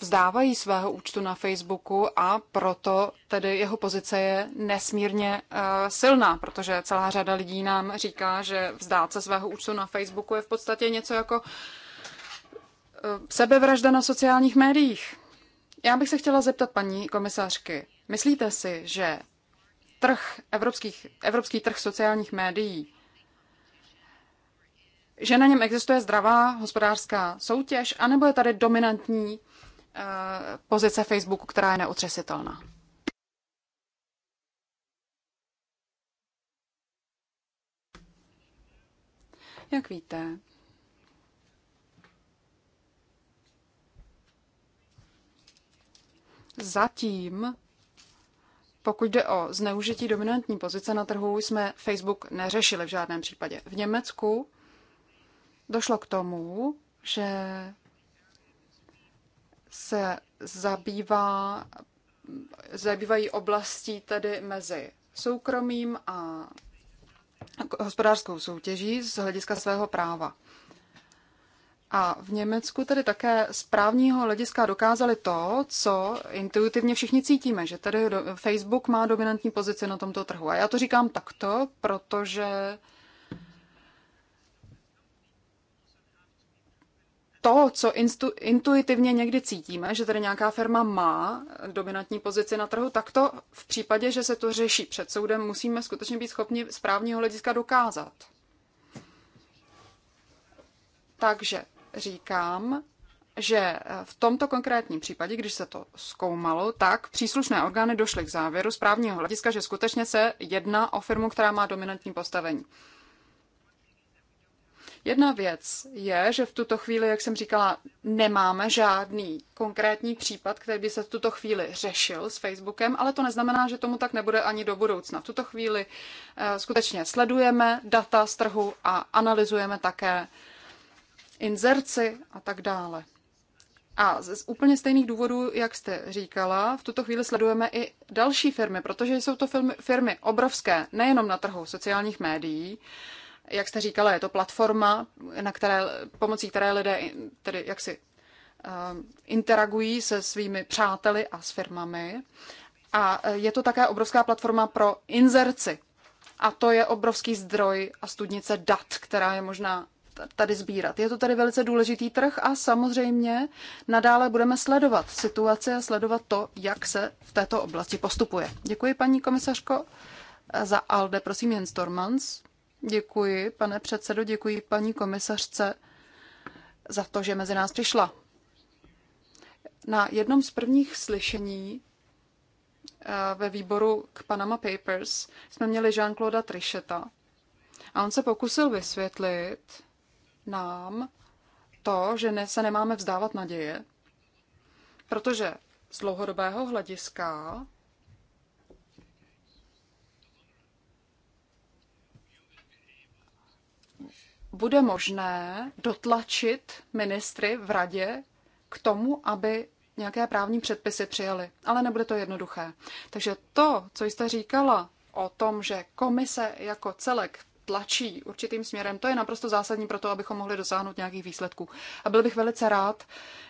vzdávají svého účtu na Facebooku a proto tedy jeho pozice je nesmírně uh, silná, protože celá řada lidí nám říká, že vzdát se svého účtu na Facebooku je v podstatě něco jako uh, sebevražda na sociálních médiích. Já bych se chtěla zeptat paní komisařky, myslíte si, že trh evropských, evropský trh sociálních médií, že na něm existuje zdravá hospodářská soutěž, anebo je tady dominantní eh, pozice Facebooku, která je neotřesitelná? Jak víte, Zatím, pokud jde o zneužití dominantní pozice na trhu, jsme Facebook neřešili v žádném případě. V Německu došlo k tomu, že se zabývá, zabývají oblastí tedy mezi soukromým a hospodářskou soutěží z hlediska svého práva. A v Německu tedy také z právního hlediska dokázali to, co intuitivně všichni cítíme, že tedy Facebook má dominantní pozici na tomto trhu. A já to říkám takto, protože to, co instu, intuitivně někdy cítíme, že tady nějaká firma má dominantní pozici na trhu, tak to v případě, že se to řeší před soudem, musíme skutečně být schopni z právního hlediska dokázat. Takže říkám, že v tomto konkrétním případě, když se to zkoumalo, tak příslušné orgány došly k závěru z právního hlediska, že skutečně se jedná o firmu, která má dominantní postavení. Jedna věc je, že v tuto chvíli, jak jsem říkala, nemáme žádný konkrétní případ, který by se v tuto chvíli řešil s Facebookem, ale to neznamená, že tomu tak nebude ani do budoucna. V tuto chvíli eh, skutečně sledujeme data z trhu a analyzujeme také inzerci a tak dále. A z úplně stejných důvodů, jak jste říkala, v tuto chvíli sledujeme i další firmy, protože jsou to firmy, firmy obrovské, nejenom na trhu sociálních médií. Jak jste říkala, je to platforma, na které, pomocí které lidé tedy jaksi ehm, interagují se svými přáteli a s firmami. A eh, je to také obrovská platforma pro inzerci. A to je obrovský zdroj a studnice dat, která je možná tady sbírat. Je to tady velice důležitý trh a samozřejmě nadále budeme sledovat situaci a sledovat to, jak se v této oblasti postupuje. Děkuji, paní komisařko, za ALDE. Prosím, Jens Tormans. Děkuji, pane předsedo, děkuji paní komisařce za to, že mezi nás přišla. Na jednom z prvních slyšení eh, ve výboru k Panama Papers jsme měli Jean-Claude Tricheta. A on se pokusil vysvětlit, nám to, že ne, se nemáme vzdávat naděje, protože z dlouhodobého hlediska bude možné dotlačit ministry v radě k tomu, aby nějaké právní předpisy přijali. Ale nebude to jednoduché. Takže to, co jste říkala o tom, že komise jako celek tlačí určitým směrem. To je naprosto zásadní pro to, abychom mohli dosáhnout nějakých výsledků. A byl bych velice rád,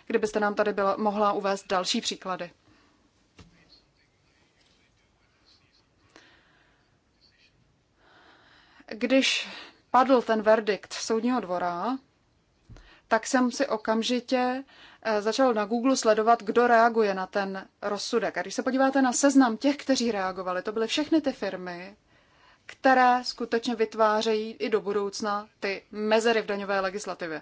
kdybyste nám tady byla, mohla uvést další příklady. Když padl ten verdikt soudního dvora, tak jsem si okamžitě eh, začal na Google sledovat, kdo reaguje na ten rozsudek. A když se podíváte na seznam těch, kteří reagovali, to byly všechny ty firmy, které skutečně vytvářejí i do budoucna ty mezery v daňové legislativě.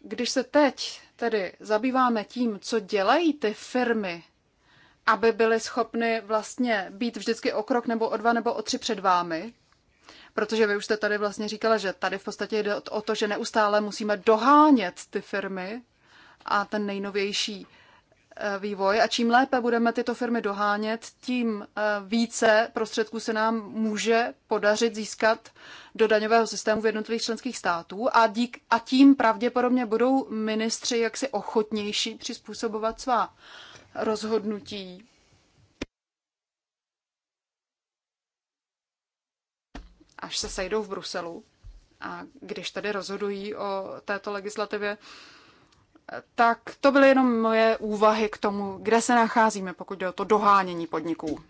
Když se teď tedy zabýváme tím, co dělají ty firmy, aby byly schopny vlastně být vždycky o krok nebo o dva nebo o tři před vámi, protože vy už jste tady vlastně říkala, že tady v podstatě jde o to, že neustále musíme dohánět ty firmy a ten nejnovější Eh, vývoj a čím lépe budeme tyto firmy dohánět, tím eh, více prostředků se nám může podařit získat do daňového systému v jednotlivých členských států a, dík, a tím pravděpodobně budou ministři jaksi ochotnější přizpůsobovat svá rozhodnutí. Až se sejdou v Bruselu a když tady rozhodují o této legislativě, tak to byly jenom moje úvahy k tomu, kde se nacházíme, pokud jde o to dohánění podniků.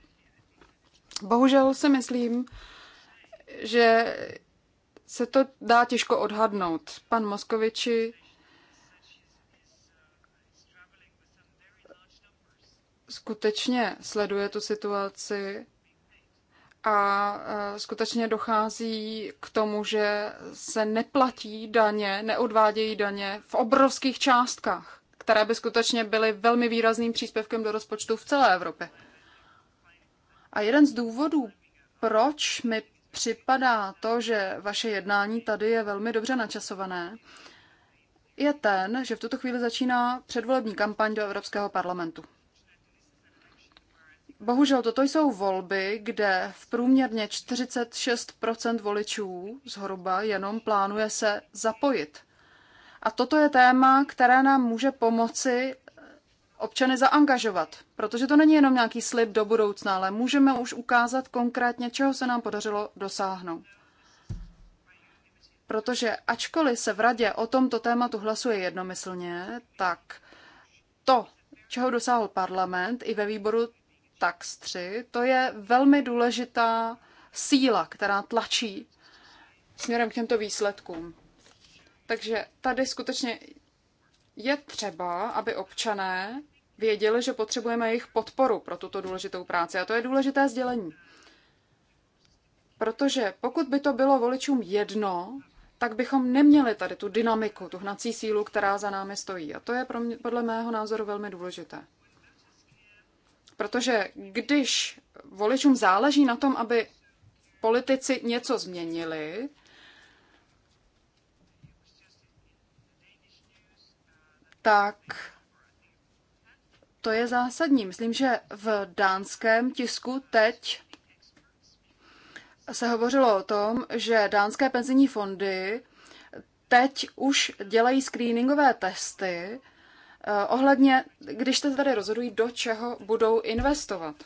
Bohužel si myslím, že se to dá těžko odhadnout. Pan Moskoviči skutečně sleduje tu situaci a e, skutečně dochází k tomu, že se neplatí daně, neodvádějí daně v obrovských částkách, které by skutečně byly velmi výrazným příspěvkem do rozpočtu v celé Evropě. A jeden z důvodů, proč mi připadá to, že vaše jednání tady je velmi dobře načasované, je ten, že v tuto chvíli začíná předvolební kampaň do Evropského parlamentu. Bohužel toto jsou volby, kde v průměrně 46% voličů zhruba jenom plánuje se zapojit. A toto je téma, které nám může pomoci eh, občany zaangažovat, protože to není jenom nějaký slib do budoucna, ale můžeme už ukázat konkrétně, čeho se nám podařilo dosáhnout. Protože ačkoliv se v radě o tomto tématu hlasuje jednomyslně, tak to, čeho dosáhl parlament i ve výboru TAX 3, to je velmi důležitá síla, která tlačí směrem k těmto výsledkům. Takže tady skutečně je třeba, aby občané věděli, že potřebujeme jejich podporu pro tuto důležitou práci. A to je důležité sdělení. Protože pokud by to bylo voličům jedno, tak bychom neměli tady tu dynamiku, tu hnací sílu, která za námi stojí. A to je pro mě, podle mého názoru velmi důležité. Protože když voličům záleží na tom, aby politici něco změnili, tak to je zásadní. Myslím, že v dánském tisku teď se hovořilo o tom, že dánské penzijní fondy teď už dělají screeningové testy Eh, ohledně, když se tady rozhodují, do čeho budou investovat.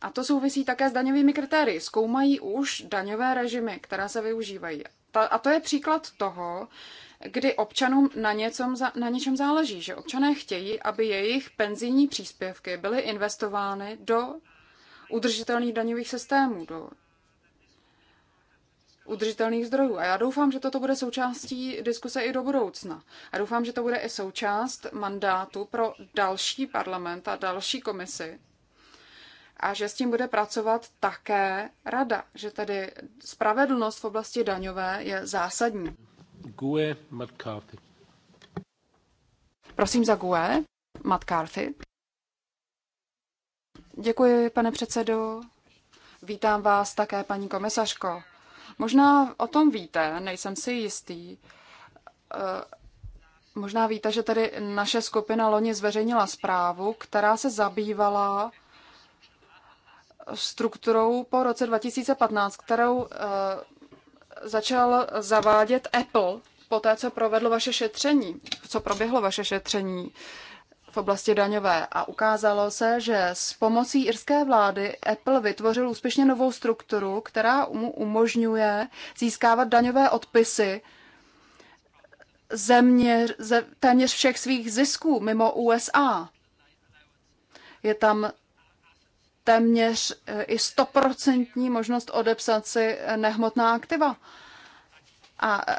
A to souvisí také s daňovými kritérii. Zkoumají už daňové režimy, které se využívají. a to je příklad toho, kdy občanům na, něcom, na něčem záleží, že občané chtějí, aby jejich penzijní příspěvky byly investovány do udržitelných daňových systémů, do udržitelných zdrojů. A já doufám, že toto bude součástí diskuse i do budoucna. A doufám, že to bude i součást mandátu pro další parlament a další komisi. A že s tím bude pracovat také rada, že tedy spravedlnost v oblasti daňové je zásadní. Gue McCarthy. Prosím za Gue McCarthy. Děkuji, pane předsedo. Vítám vás také, paní komisařko. Možná o tom víte, nejsem si jistý. Eh, možná víte, že tady naše skupina loni zveřejnila zprávu, která se zabývala strukturou po roce 2015, kterou eh, začal zavádět Apple po té, co provedlo vaše šetření, co proběhlo vaše šetření v oblasti daňové a ukázalo se, že s pomocí irské vlády Apple vytvořil úspěšně novou strukturu, která mu umožňuje získávat daňové odpisy země, ze, téměř všech svých zisků mimo USA. Je tam téměř eh, i stoprocentní možnost odepsat si eh, nehmotná aktiva. A eh,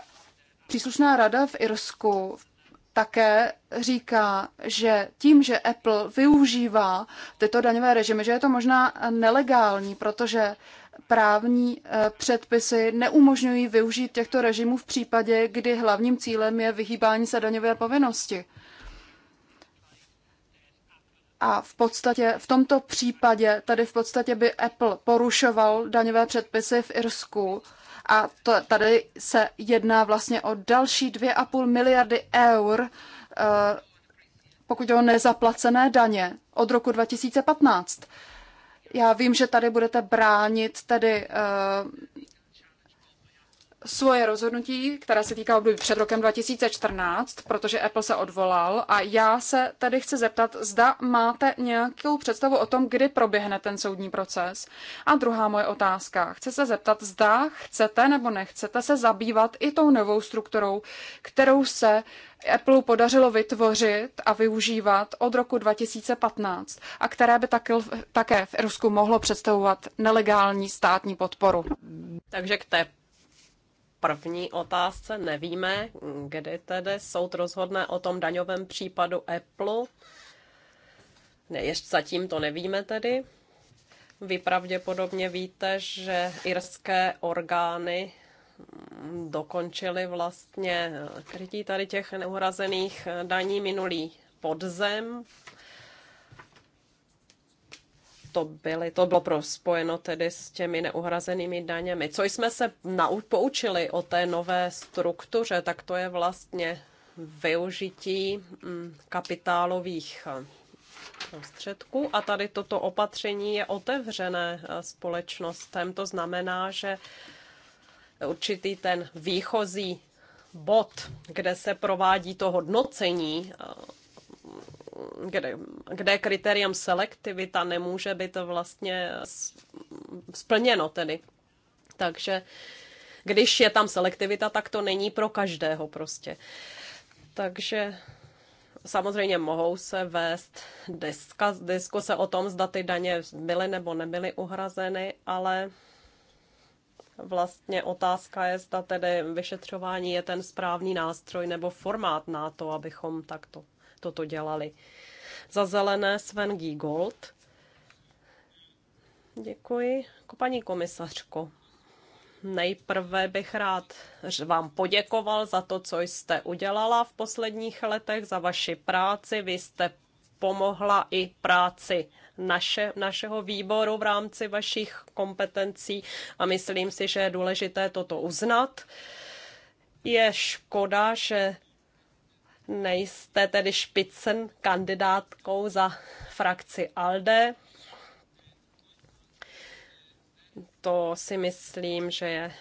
příslušná rada v Irsku v také říká, že tím, že Apple využívá tyto daňové režimy, že je to možná nelegální, protože právní eh, předpisy neumožňují využít těchto režimů v případě, kdy hlavním cílem je vyhýbání se daňové povinnosti. A v podstatě v tomto případě, tady v podstatě by Apple porušoval daňové předpisy v Irsku a to, tady se jedná vlastně o další 2,5 miliardy eur, eh, pokud jde o nezaplacené daně od roku 2015. Já vím, že tady budete bránit tedy eh, svoje rozhodnutí, které se týká období před rokem 2014, protože Apple se odvolal a já se tady chci zeptat, zda máte nějakou představu o tom, kdy proběhne ten soudní proces. A druhá moje otázka. Chci se zeptat, zda chcete nebo nechcete se zabývat i tou novou strukturou, kterou se Apple podařilo vytvořit a využívat od roku 2015 a které by taky, také v Rusku mohlo představovat nelegální státní podporu. Takže k té první otázce. Nevíme, kdy tedy soud rozhodne o tom daňovém případu Apple. Ne, ještě zatím to nevíme tedy. Vy pravděpodobně víte, že irské orgány dokončily vlastně krytí tady těch neuhrazených daní minulý podzem to, byly, to bylo prospojeno tedy s těmi neuhrazenými daněmi. Co jsme se nau, poučili o té nové struktuře, tak to je vlastně využití mm, kapitálových eh, prostředků a tady toto opatření je otevřené eh, společnostem. To znamená, že určitý ten výchozí bod, kde se provádí to hodnocení eh, kde, kde kritérium selektivita nemůže být vlastně splněno tedy. Takže když je tam selektivita, tak to není pro každého prostě. Takže samozřejmě mohou se vést diska, diskuse o tom, zda ty daně byly nebo nebyly uhrazeny, ale vlastně otázka je, zda tedy vyšetřování je ten správný nástroj nebo formát na to, abychom takto toto dělali. Za zelené Sven G. Gold. Děkuji. Jako paní komisařko, Nejprve bych rád vám poděkoval za to, co jste udělala v posledních letech, za vaši práci. Vy jste pomohla i práci naše, našeho výboru v rámci vašich kompetencí a myslím si, že je důležité toto uznat. Je škoda, že nejste tedy špicen kandidátkou za frakci ALDE. To si myslím, že je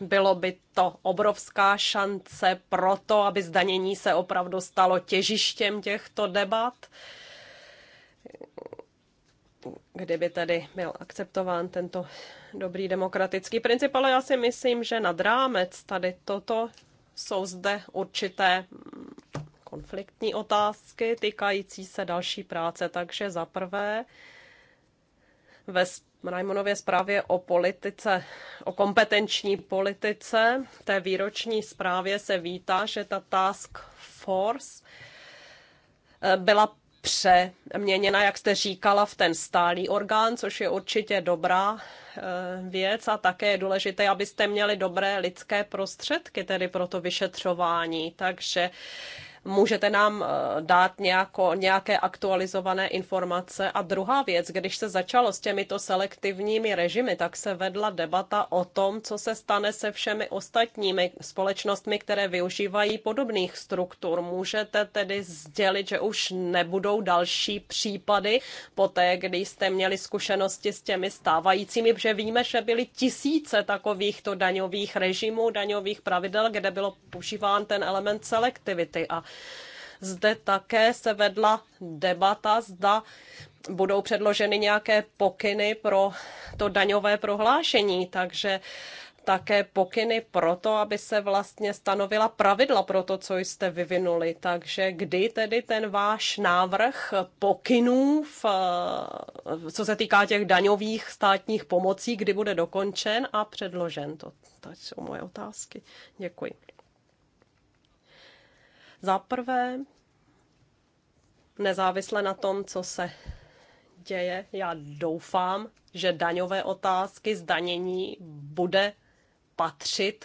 bylo by to obrovská šance pro to, aby zdanění se opravdu stalo těžištěm těchto debat. Kdyby tedy byl akceptován tento dobrý demokratický princip, ale já si myslím, že nad rámec tady toto jsou zde určité mm, konfliktní otázky týkající se další práce. Takže za prvé, ve Rajmonově zprávě o politice, o kompetenční politice, v té výroční zprávě se vítá, že ta task force e, byla přeměněna, jak jste říkala, v ten stálý orgán, což je určitě dobrá e, věc a také je důležité, abyste měli dobré lidské prostředky tedy pro to vyšetřování. Takže Můžete nám eh, dát nějako, nějaké aktualizované informace? A druhá věc, když se začalo s těmito selektivními režimy, tak se vedla debata o tom, co se stane se všemi ostatními společnostmi, které využívají podobných struktur. Můžete tedy sdělit, že už nebudou další případy poté, kdy jste měli zkušenosti s těmi stávajícími, protože víme, že byly tisíce takovýchto daňových režimů, daňových pravidel, kde bylo používán ten element selektivity. A zde také se vedla debata, zda budou předloženy nějaké pokyny pro to daňové prohlášení, takže také pokyny pro to, aby se vlastně stanovila pravidla pro to, co jste vyvinuli. Takže kdy tedy ten váš návrh pokynů, v, co se týká těch daňových státních pomocí, kdy bude dokončen a předložen? To, to jsou moje otázky. Děkuji. Za prvé, nezávisle na tom, co se děje, já doufám, že daňové otázky, zdanění bude patřit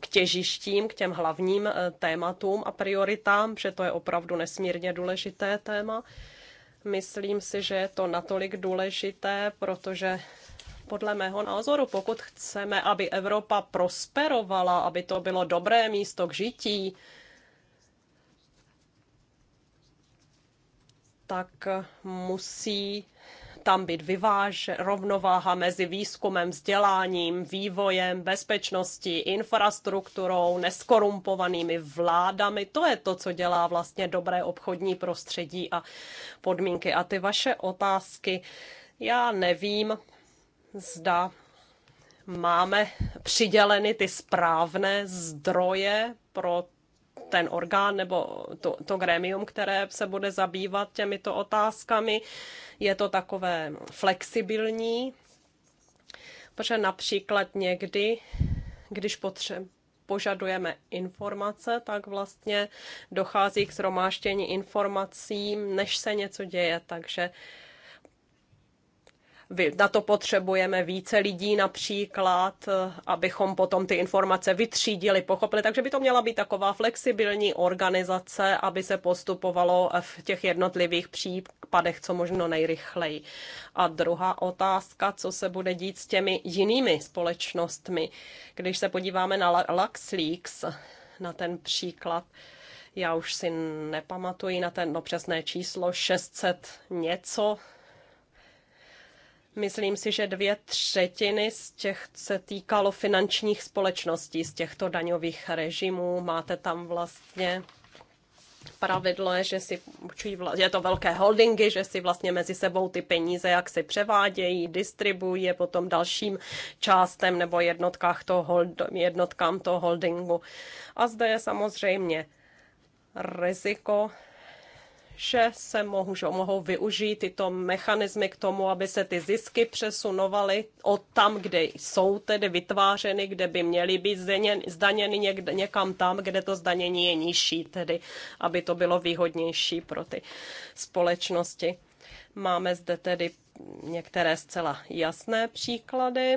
k těžištím, k těm hlavním eh, tématům a prioritám, že to je opravdu nesmírně důležité téma. Myslím si, že je to natolik důležité, protože podle mého názoru, pokud chceme, aby Evropa prosperovala, aby to bylo dobré místo k žití, tak musí tam být vyváž, rovnováha mezi výzkumem, vzděláním, vývojem, bezpečností, infrastrukturou, neskorumpovanými vládami. To je to, co dělá vlastně dobré obchodní prostředí a podmínky. A ty vaše otázky, já nevím, zda máme přiděleny ty správné zdroje pro ten orgán nebo to, to grémium, které se bude zabývat těmito otázkami. Je to takové flexibilní, protože například někdy, když potřebujeme, požadujeme informace, tak vlastně dochází k zhromáštění informací, než se něco děje. Takže uh, na to potřebujeme více lidí například, abychom potom ty informace vytřídili, pochopili. Takže by to měla být taková flexibilní organizace, aby se postupovalo v těch jednotlivých případech co možno nejrychleji. A druhá otázka, co se bude dít s těmi jinými společnostmi. Když se podíváme na LuxLeaks, na ten příklad, já už si nepamatuji na ten no, přesné číslo 600 něco, Myslím si, že dvě třetiny z těch se týkalo finančních společností, z těchto daňových režimů. Máte tam vlastně pravidlo, že si je to velké holdingy, že si vlastně mezi sebou ty peníze, jak si převádějí, distribuují je potom dalším částem nebo jednotkách toho hold, jednotkám toho holdingu. A zde je samozřejmě riziko že se mohou, že mohou využít tyto mechanismy k tomu, aby se ty zisky přesunovaly od tam, kde jsou tedy vytvářeny, kde by měly být zdaněny někde, někam tam, kde to zdanění je nižší, tedy aby to bylo výhodnější pro ty společnosti. Máme zde tedy některé zcela jasné příklady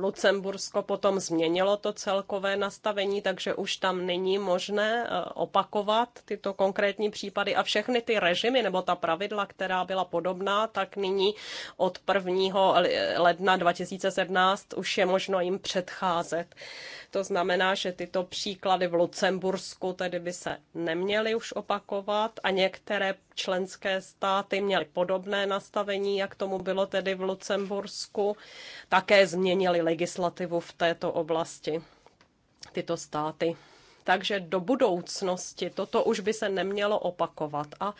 Lucembursko potom změnilo to celkové nastavení, takže už tam není možné e, opakovat tyto konkrétní případy a všechny ty režimy nebo ta pravidla, která byla podobná, tak nyní od 1. ledna 2017 už je možno jim předcházet. To znamená, že tyto příklady v Lucembursku tedy by se neměly už opakovat a některé členské státy měly podobné nastavení, jak tomu bylo tedy v Lucembursku. Také také změnili legislativu v této oblasti, tyto státy. Takže do budoucnosti toto už by se nemělo opakovat. A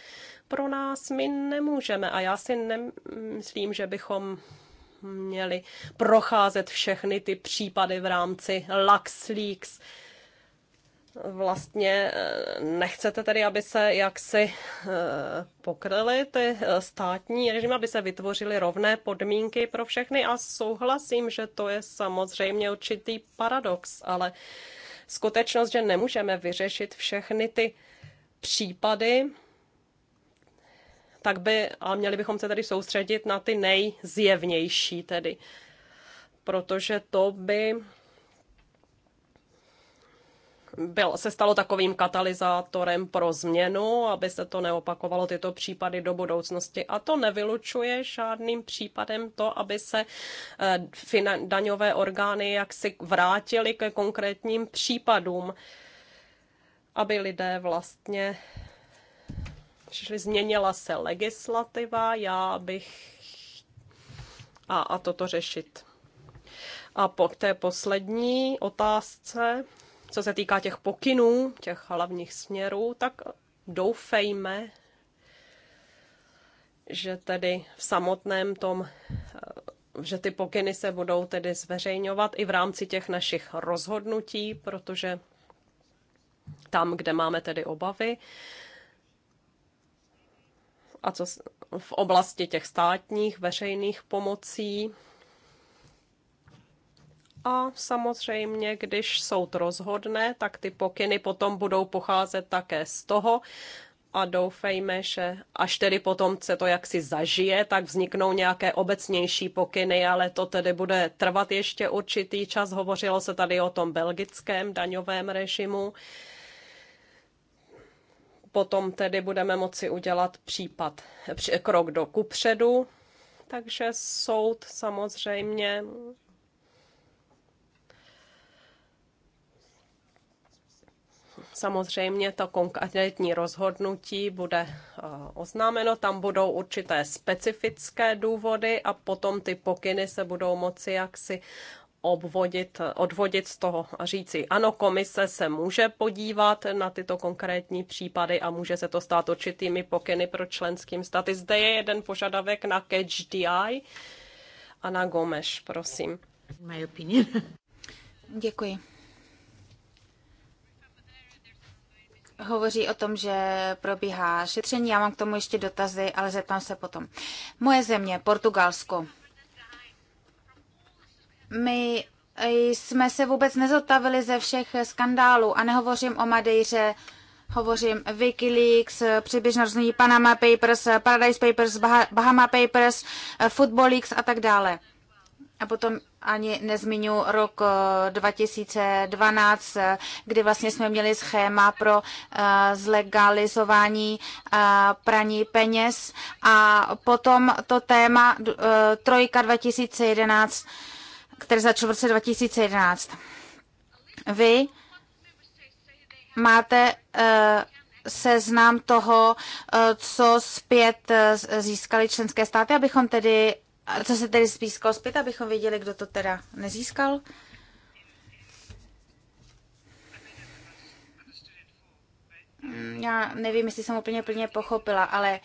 pro nás my nemůžeme. A já si nemyslím, že bychom měli procházet všechny ty případy v rámci LuxLeaks. Leaks vlastně eh, nechcete tedy, aby se jaksi eh, pokryly ty eh, státní režim, aby se vytvořily rovné podmínky pro všechny a souhlasím, že to je samozřejmě určitý paradox, ale skutečnost, že nemůžeme vyřešit všechny ty případy, tak by, a měli bychom se tedy soustředit na ty nejzjevnější tedy, protože to by byl, se stalo takovým katalyzátorem pro změnu, aby se to neopakovalo tyto případy do budoucnosti. A to nevylučuje žádným případem to, aby se eh, finan, daňové orgány jaksi vrátily ke konkrétním případům, aby lidé vlastně změnila se legislativa, já bych a, a toto řešit. A po té poslední otázce co se týká těch pokynů, těch hlavních směrů, tak doufejme, že tedy v samotném tom, eh, že ty pokyny se budou tedy zveřejňovat i v rámci těch našich rozhodnutí, protože tam, kde máme tedy obavy, a co v oblasti těch státních veřejných pomocí, a samozřejmě, když soud rozhodne, tak ty pokyny potom budou pocházet také z toho, a doufejme, že až tedy potom se to jaksi zažije, tak vzniknou nějaké obecnější pokyny, ale to tedy bude trvat ještě určitý čas. Hovořilo se tady o tom belgickém daňovém režimu. Potom tedy budeme moci udělat případ, krok do kupředu. Takže soud samozřejmě Samozřejmě to konkrétní rozhodnutí bude eh, oznámeno, tam budou určité specifické důvody a potom ty pokyny se budou moci jaksi obvodit, odvodit z toho a říci, ano, komise se může podívat na tyto konkrétní případy a může se to stát určitými pokyny pro členským staty. Zde je jeden požadavek na catch DI. na Gomes, prosím. My opinion. Děkuji. hovoří o tom, že probíhá šetření. Já mám k tomu ještě dotazy, ale zeptám se potom. Moje země, Portugalsko. My jsme se vůbec nezotavili ze všech skandálů a nehovořím o Madejře, hovořím Wikileaks, přibližně různí Panama Papers, Paradise Papers, Bahama Papers, Football Leaks a tak dále. A potom ani nezmiňu rok 2012, eh, eh, kdy vlastně jsme měli schéma pro eh, zlegalizování praní peněz a potom to téma Trojka 2011, které začalo v roce 2011. Vy máte seznam toho, co zpět získali členské státy, abychom tedy a co se tedy spískal zpět, abychom věděli, kdo to teda nezískal? Mm, já nevím, jestli jsem úplně plně pochopila, ale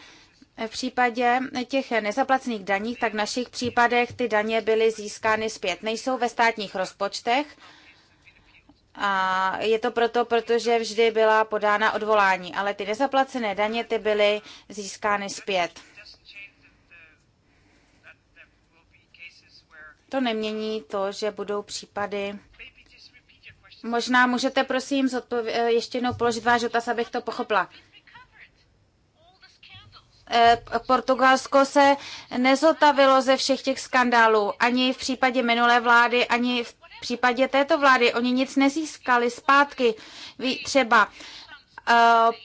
v případě těch nezaplacených daních, tak v našich případech ty daně byly získány zpět. Nejsou ve státních rozpočtech, a je to proto, protože vždy byla podána odvolání, ale ty nezaplacené daně ty byly získány zpět. To nemění to, že budou případy. Možná můžete, prosím, zodpově- eh, ještě jednou položit váš dotaz, abych to pochopila. Eh, Portugalsko se nezotavilo ze všech těch skandálů, ani v případě minulé vlády, ani v případě této vlády. Oni nic nezískali zpátky. Ví, třeba Eh,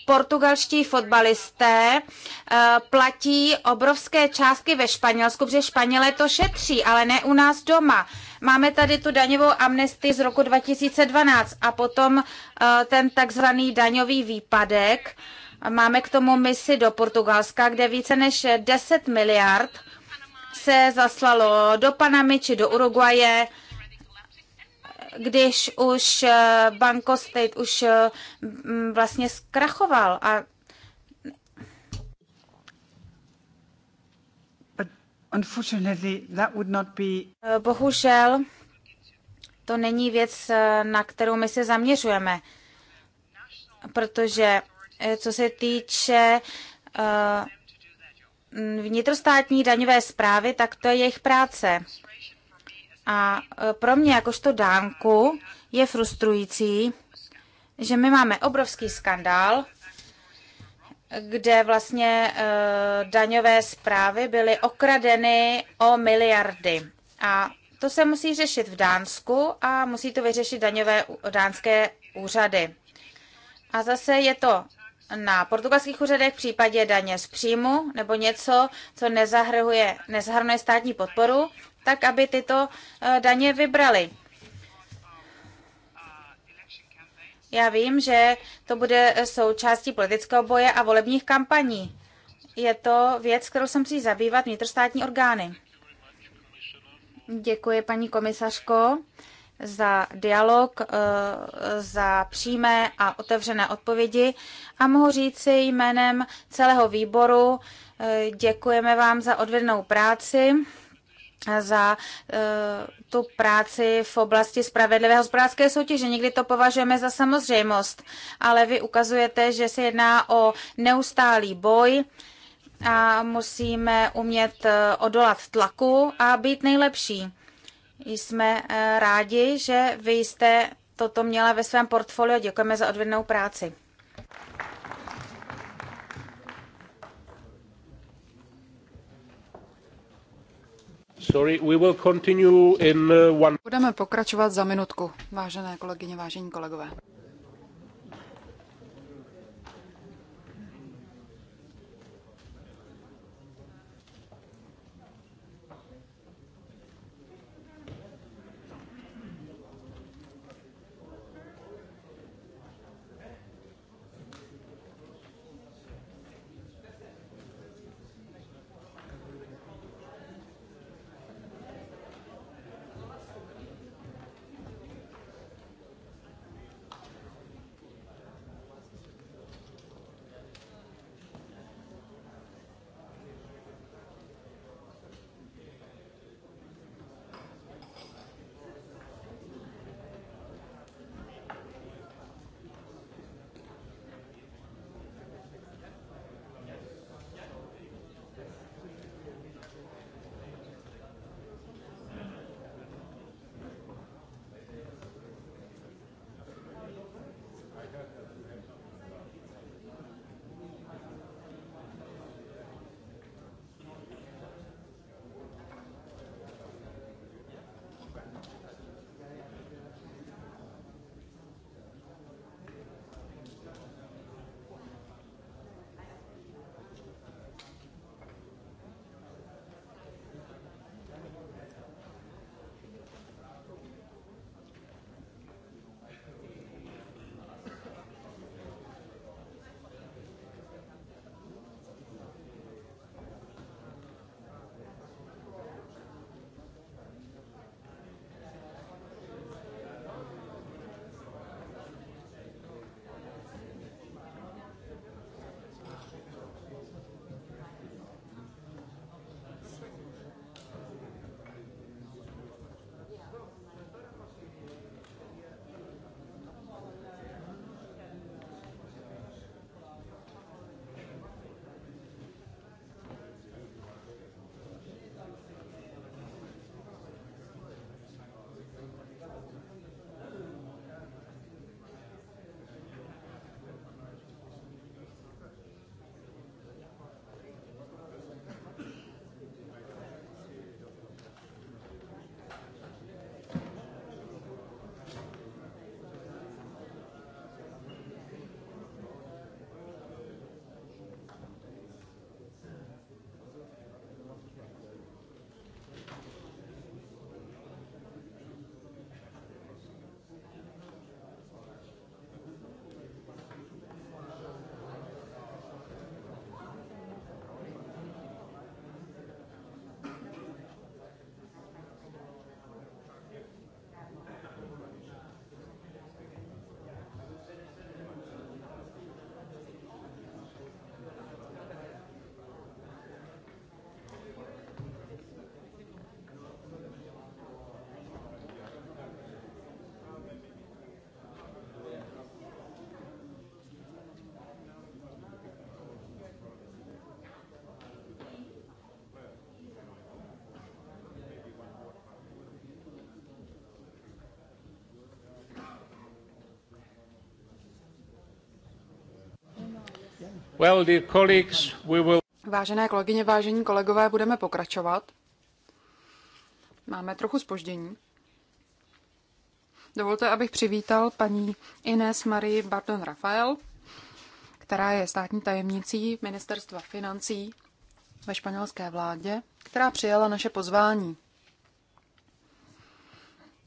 portugalští fotbalisté eh, platí obrovské částky ve Španělsku, protože Španělé to šetří, ale ne u nás doma. Máme tady tu daňovou amnestii z roku 2012 a potom eh, ten takzvaný daňový výpadek. Máme k tomu misi do Portugalska, kde více než 10 miliard se zaslalo do Panamy či do Uruguaje když už eh, Banco State už eh, vlastně zkrachoval a eh, Bohužel to není věc, na kterou my se zaměřujeme, protože co se týče vnitrostátní daňové zprávy, tak to je jejich práce. A e, pro mě, jakožto dánku, je frustrující, že my máme obrovský skandál, kde vlastně e, daňové zprávy byly okradeny o miliardy. A to se musí řešit v Dánsku a musí to vyřešit daňové dánské úřady. A zase je to na portugalských úřadech v případě daně z příjmu nebo něco, co nezahrnuje, nezahrnuje státní podporu tak aby tyto eh, daně vybrali. Já vím, že to bude eh, součástí politického boje a volebních kampaní. Je to věc, kterou se musí zabývat vnitrostátní orgány. Děkuji, paní komisařko, za dialog, eh, za přímé a otevřené odpovědi a mohu říci jménem celého výboru, děkujeme vám za odvednou práci za e, tu práci v oblasti spravedlivé hospodářské soutěže. Někdy to považujeme za samozřejmost, ale vy ukazujete, že se jedná o neustálý boj a musíme umět e, odolat tlaku a být nejlepší. Jsme e, rádi, že vy jste toto měla ve svém portfoliu. Děkujeme za odvednou práci. Uh, Budeme pokračovat za minutku, vážené kolegyně, vážení kolegové. Vážené kolegyně, vážení kolegové, budeme pokračovat. Máme trochu spoždění. Dovolte, abych přivítal paní Ines Marie Bardon Rafael, která je státní tajemnicí Ministerstva financí ve španělské vládě, která přijala naše pozvání.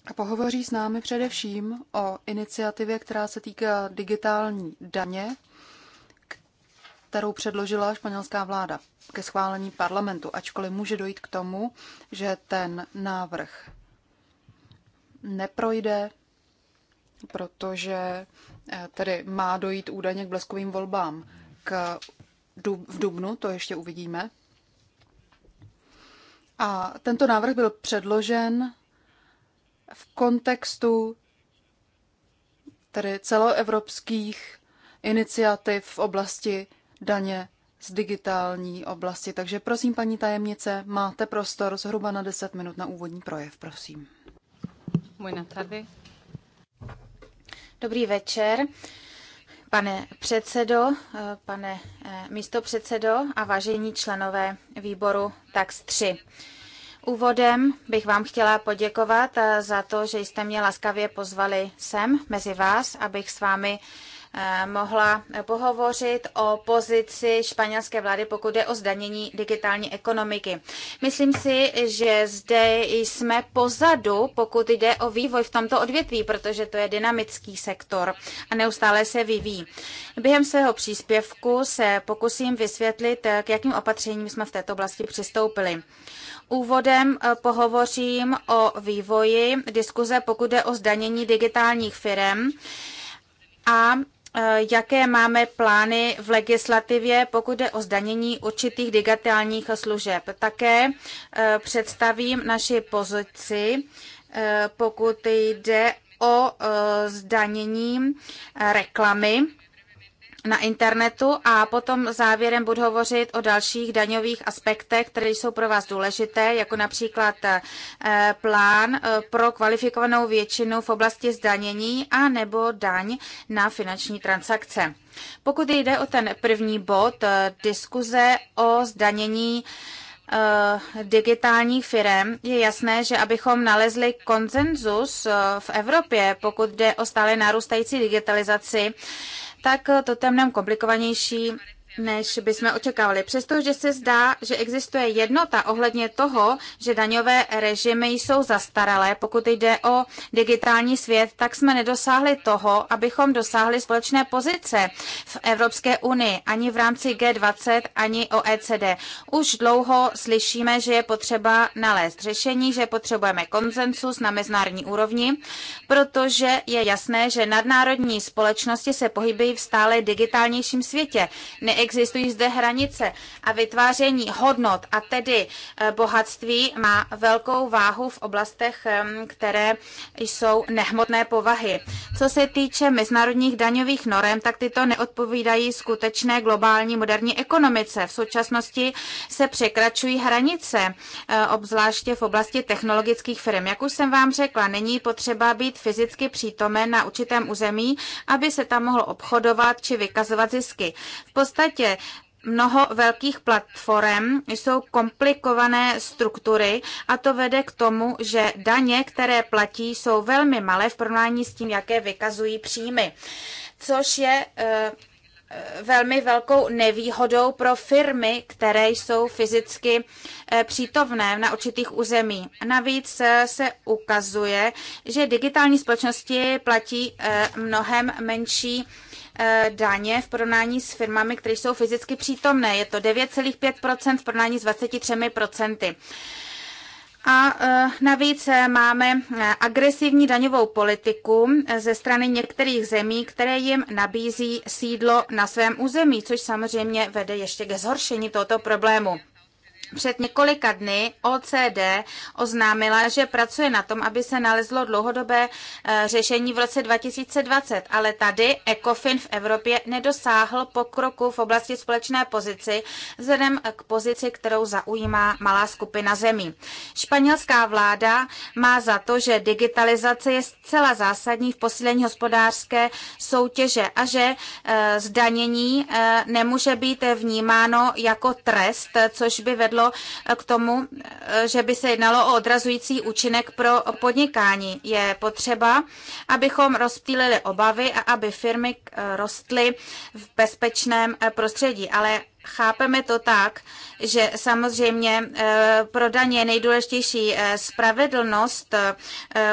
A pohovoří s námi především o iniciativě, která se týká digitální daně kterou předložila španělská vláda ke schválení parlamentu, ačkoliv může dojít k tomu, že ten návrh neprojde, protože eh, tedy má dojít údajně k bleskovým volbám k, v Dubnu, to ještě uvidíme. A tento návrh byl předložen v kontextu tedy celoevropských iniciativ v oblasti daně z digitální oblasti. Takže prosím, paní tajemnice, máte prostor zhruba na 10 minut na úvodní projev, prosím. Buenas tardes. Dobrý večer. Pane předsedo, pane eh, místopředsedo a vážení členové výboru TAX 3. Úvodem bych vám chtěla poděkovat eh, za to, že jste mě laskavě pozvali sem mezi vás, abych s vámi Eh, mohla pohovořit o pozici španělské vlády, pokud je o zdanění digitální ekonomiky. Myslím si, že zde jsme pozadu, pokud jde o vývoj v tomto odvětví, protože to je dynamický sektor a neustále se vyvíjí. Během svého příspěvku se pokusím vysvětlit, eh, k jakým opatřením jsme v této oblasti přistoupili. Úvodem eh, pohovořím o vývoji diskuze, pokud jde o zdanění digitálních firm a Eh, jaké máme plány v legislativě, pokud jde o zdanění určitých digitálních služeb. Také eh, představím naši pozici, eh, pokud jde o zdanění reklamy na internetu a potom závěrem budu hovořit o dalších daňových aspektech, které jsou pro vás důležité, jako například eh, plán eh, pro kvalifikovanou většinu v oblasti zdanění a nebo daň na finanční transakce. Pokud jde o ten první bod, eh, diskuze o zdanění digitálních firm, je jasné, že abychom nalezli konsenzus v Evropě, pokud jde o stále narůstající digitalizaci, tak to je mnohem komplikovanější než bychom očekávali. Přestože se zdá, že existuje jednota ohledně toho, že daňové režimy jsou zastaralé, pokud jde o digitální svět, tak jsme nedosáhli toho, abychom dosáhli společné pozice v Evropské unii, ani v rámci G20, ani OECD. Už dlouho slyšíme, že je potřeba nalézt řešení, že potřebujeme konsensus na mezinárodní úrovni, protože je jasné, že nadnárodní společnosti se pohybují v stále digitálnějším světě. Neexistuje existují zde hranice a vytváření hodnot a tedy eh, bohatství má velkou váhu v oblastech, které jsou nehmotné povahy. Co se týče mezinárodních daňových norem, tak tyto neodpovídají skutečné globální moderní ekonomice. V současnosti se překračují hranice, eh, obzvláště v oblasti technologických firm. Jak už jsem vám řekla, není potřeba být fyzicky přítomen na určitém území, aby se tam mohlo obchodovat či vykazovat zisky. V podstatě světě mnoho velkých platform jsou komplikované struktury a to vede k tomu, že daně, které platí, jsou velmi malé v porovnání s tím, jaké vykazují příjmy, což je eh, eh, velmi velkou nevýhodou pro firmy, které jsou fyzicky eh, přítomné na určitých území. Navíc se ukazuje, že digitální společnosti platí mnohem menší Eh, daně v porovnání s firmami, které jsou fyzicky přítomné. Je to 9,5% v porovnání s 23%. A eh, navíc eh, máme agresivní daňovou politiku ze strany některých zemí, které jim nabízí sídlo na svém území, což samozřejmě vede ještě ke zhoršení tohoto problému. Před několika dny OCD oznámila, že pracuje na tom, aby se nalezlo dlouhodobé e, řešení v roce 2020, ale tady ECOFIN v Evropě nedosáhl pokroku v oblasti společné pozici vzhledem k pozici, kterou zaujímá malá skupina zemí. Španělská vláda má za to, že digitalizace je zcela zásadní v posílení hospodářské soutěže a že e, zdanění e, nemůže být vnímáno jako trest, což by vedlo vedlo eh, k tomu, eh, že by se jednalo o odrazující účinek pro podnikání. Je potřeba, abychom rozptýlili obavy a aby firmy eh, rostly v bezpečném prostředí. Ale chápeme to tak, že samozřejmě eh, pro daně je nejdůležitější eh, spravedlnost, eh,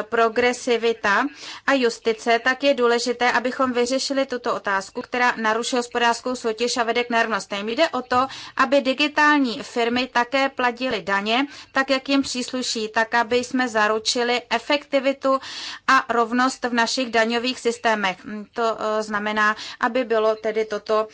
progresivita a justice, tak je důležité, abychom vyřešili tuto otázku, která narušuje hospodářskou soutěž a vede k nerovnostem. Jde o to, aby digitální firmy také platily daně, tak jak jim přísluší, tak aby jsme zaručili efektivitu a rovnost v našich daňových systémech. To znamená, aby bylo tedy toto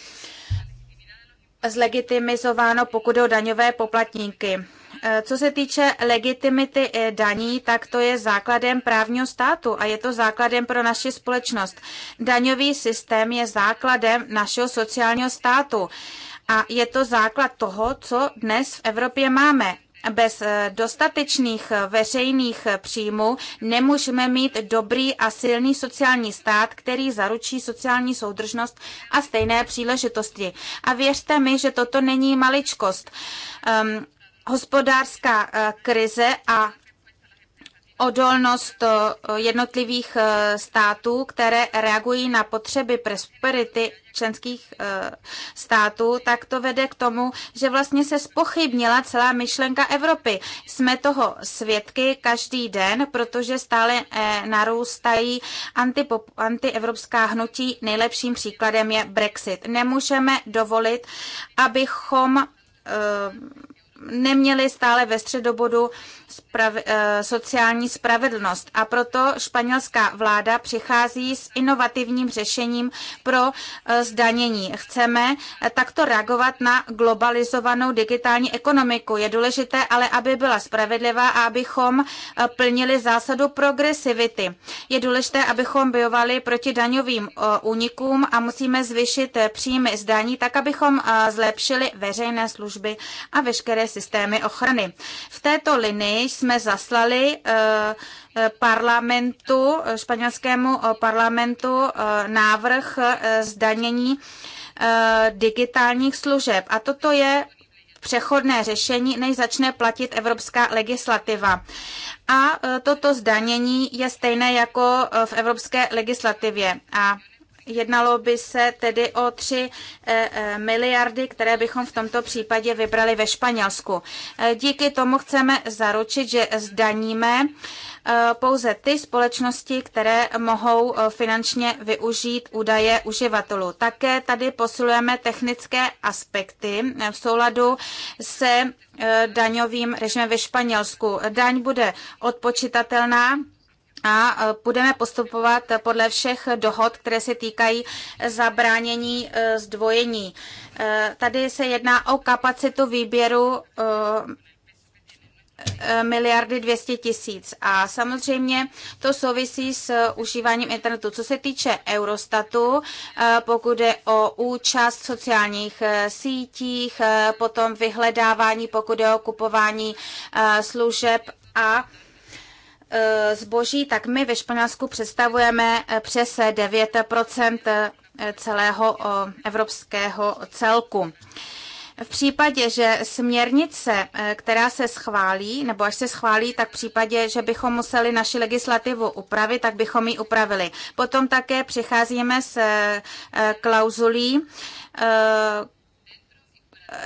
zlegitimizováno, pokud o daňové poplatníky. E, co se týče legitimity e, daní, tak to je základem právního státu a je to základem pro naši společnost. Daňový systém je základem našeho sociálního státu a je to základ toho, co dnes v Evropě máme bez eh, dostatečných eh, veřejných eh, příjmů nemůžeme mít dobrý a silný sociální stát, který zaručí sociální soudržnost a stejné příležitosti. A věřte mi, že toto není maličkost. Um, hospodářská krize a odolnost eh, jednotlivých eh, států, které reagují na potřeby prosperity členských eh, států, tak to vede k tomu, že vlastně se spochybnila celá myšlenka Evropy. Jsme toho svědky každý den, protože stále narůstají antipop, antievropská hnutí. Nejlepším příkladem je Brexit. Nemůžeme dovolit, abychom neměli stále ve středobodu sprav- eh, sociální spravedlnost. A proto španělská vláda přichází s inovativním řešením pro eh, zdanění. Chceme eh, takto reagovat na globalizovanou digitální ekonomiku. Je důležité ale, aby byla spravedlivá a abychom plnili zásadu progresivity. Je důležité, abychom bojovali proti daňovým únikům a musíme zvyšit příjmy zdaní tak, abychom zlepšili veřejné služby a veškeré systémy ochrany. V této linii jsme zaslali eh, eh, parlamentu, eh, španělskému parlamentu návrh zdanění digitálních služeb. A toto je přechodné řešení, než začne platit evropská legislativa. A toto zdanění je stejné jako v evropské legislativě. A Jednalo by se tedy o 3 eh, eh, miliardy, které bychom v tomto případě vybrali ve Španělsku. Eh, díky tomu chceme zaručit, že zdaníme pouze ty společnosti, které mohou finančně využít údaje uživatelů. Také tady posilujeme technické aspekty v souladu se daňovým režimem ve Španělsku. Daň bude odpočitatelná a e, budeme postupovat podle všech dohod, které se týkají zabránění e, zdvojení. E, tady se jedná o kapacitu výběru miliardy 200 tisíc. A samozřejmě to souvisí s užíváním internetu. Co se týče Eurostatu, pokud je o účast v sociálních sítích, potom vyhledávání, pokud je o kupování služeb a Eh, zboží, tak my ve Španělsku představujeme eh, přes 9 eh, celého evropského celku. V případě, že směrnice, která se schválí, nebo až se schválí, tak v případě, že bychom museli naši legislativu upravit, tak bychom ji upravili. Potom také přicházíme s klauzulí,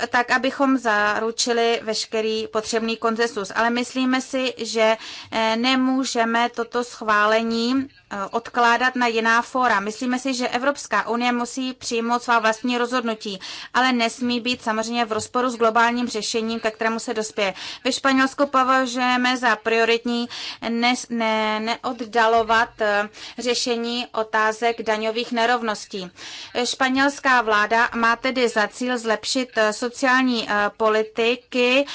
tak abychom zaručili veškerý potřebný koncesus. Ale myslíme si, že eh, nemůžeme toto schválení eh, odkládat na jiná fóra. Myslíme si, že Evropská unie musí přijmout svá vlastní rozhodnutí, ale nesmí být samozřejmě v rozporu s globálním řešením, ke kterému se dospěje. Ve Španělsku považujeme za prioritní ne, ne, neoddalovat eh, řešení otázek daňových nerovností. Španělská vláda má tedy za cíl zlepšit sociální eh, politiky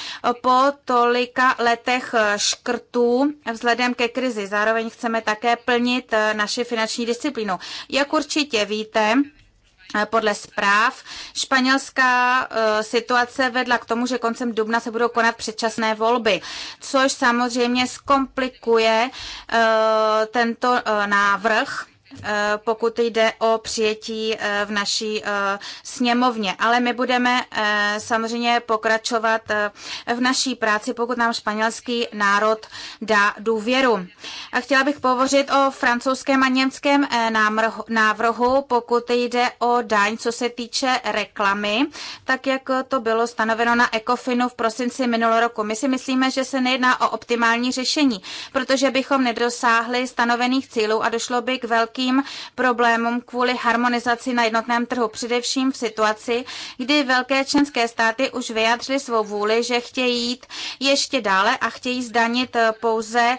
po tolika letech eh, škrtů vzhledem ke krizi. Zároveň chceme také plnit eh, naši finanční disciplínu. Jak určitě víte, podle zpráv španělská situace vedla k tomu, že koncem dubna se budou konat předčasné volby, což samozřejmě zkomplikuje tento návrh Eh, pokud jde o přijetí eh, v naší eh, sněmovně. Ale my budeme samozřejmě pokračovat v naší práci, pokud nám španělský národ dá důvěru. A chtěla bych povořit o francouzském a německém návrhu, pokud jde o daň, co se týče reklamy, tak jak to bylo stanoveno na ECOFINu v prosinci minulého roku. My si myslíme, že se nejedná o optimální řešení, protože bychom nedosáhli stanovených cílů a došlo by k velkým velkým problémům kvůli harmonizaci na jednotném trhu, především v situaci, kdy velké členské státy už vyjádřily svou vůli, že chtějí jít ještě dále a chtějí zdanit eh, pouze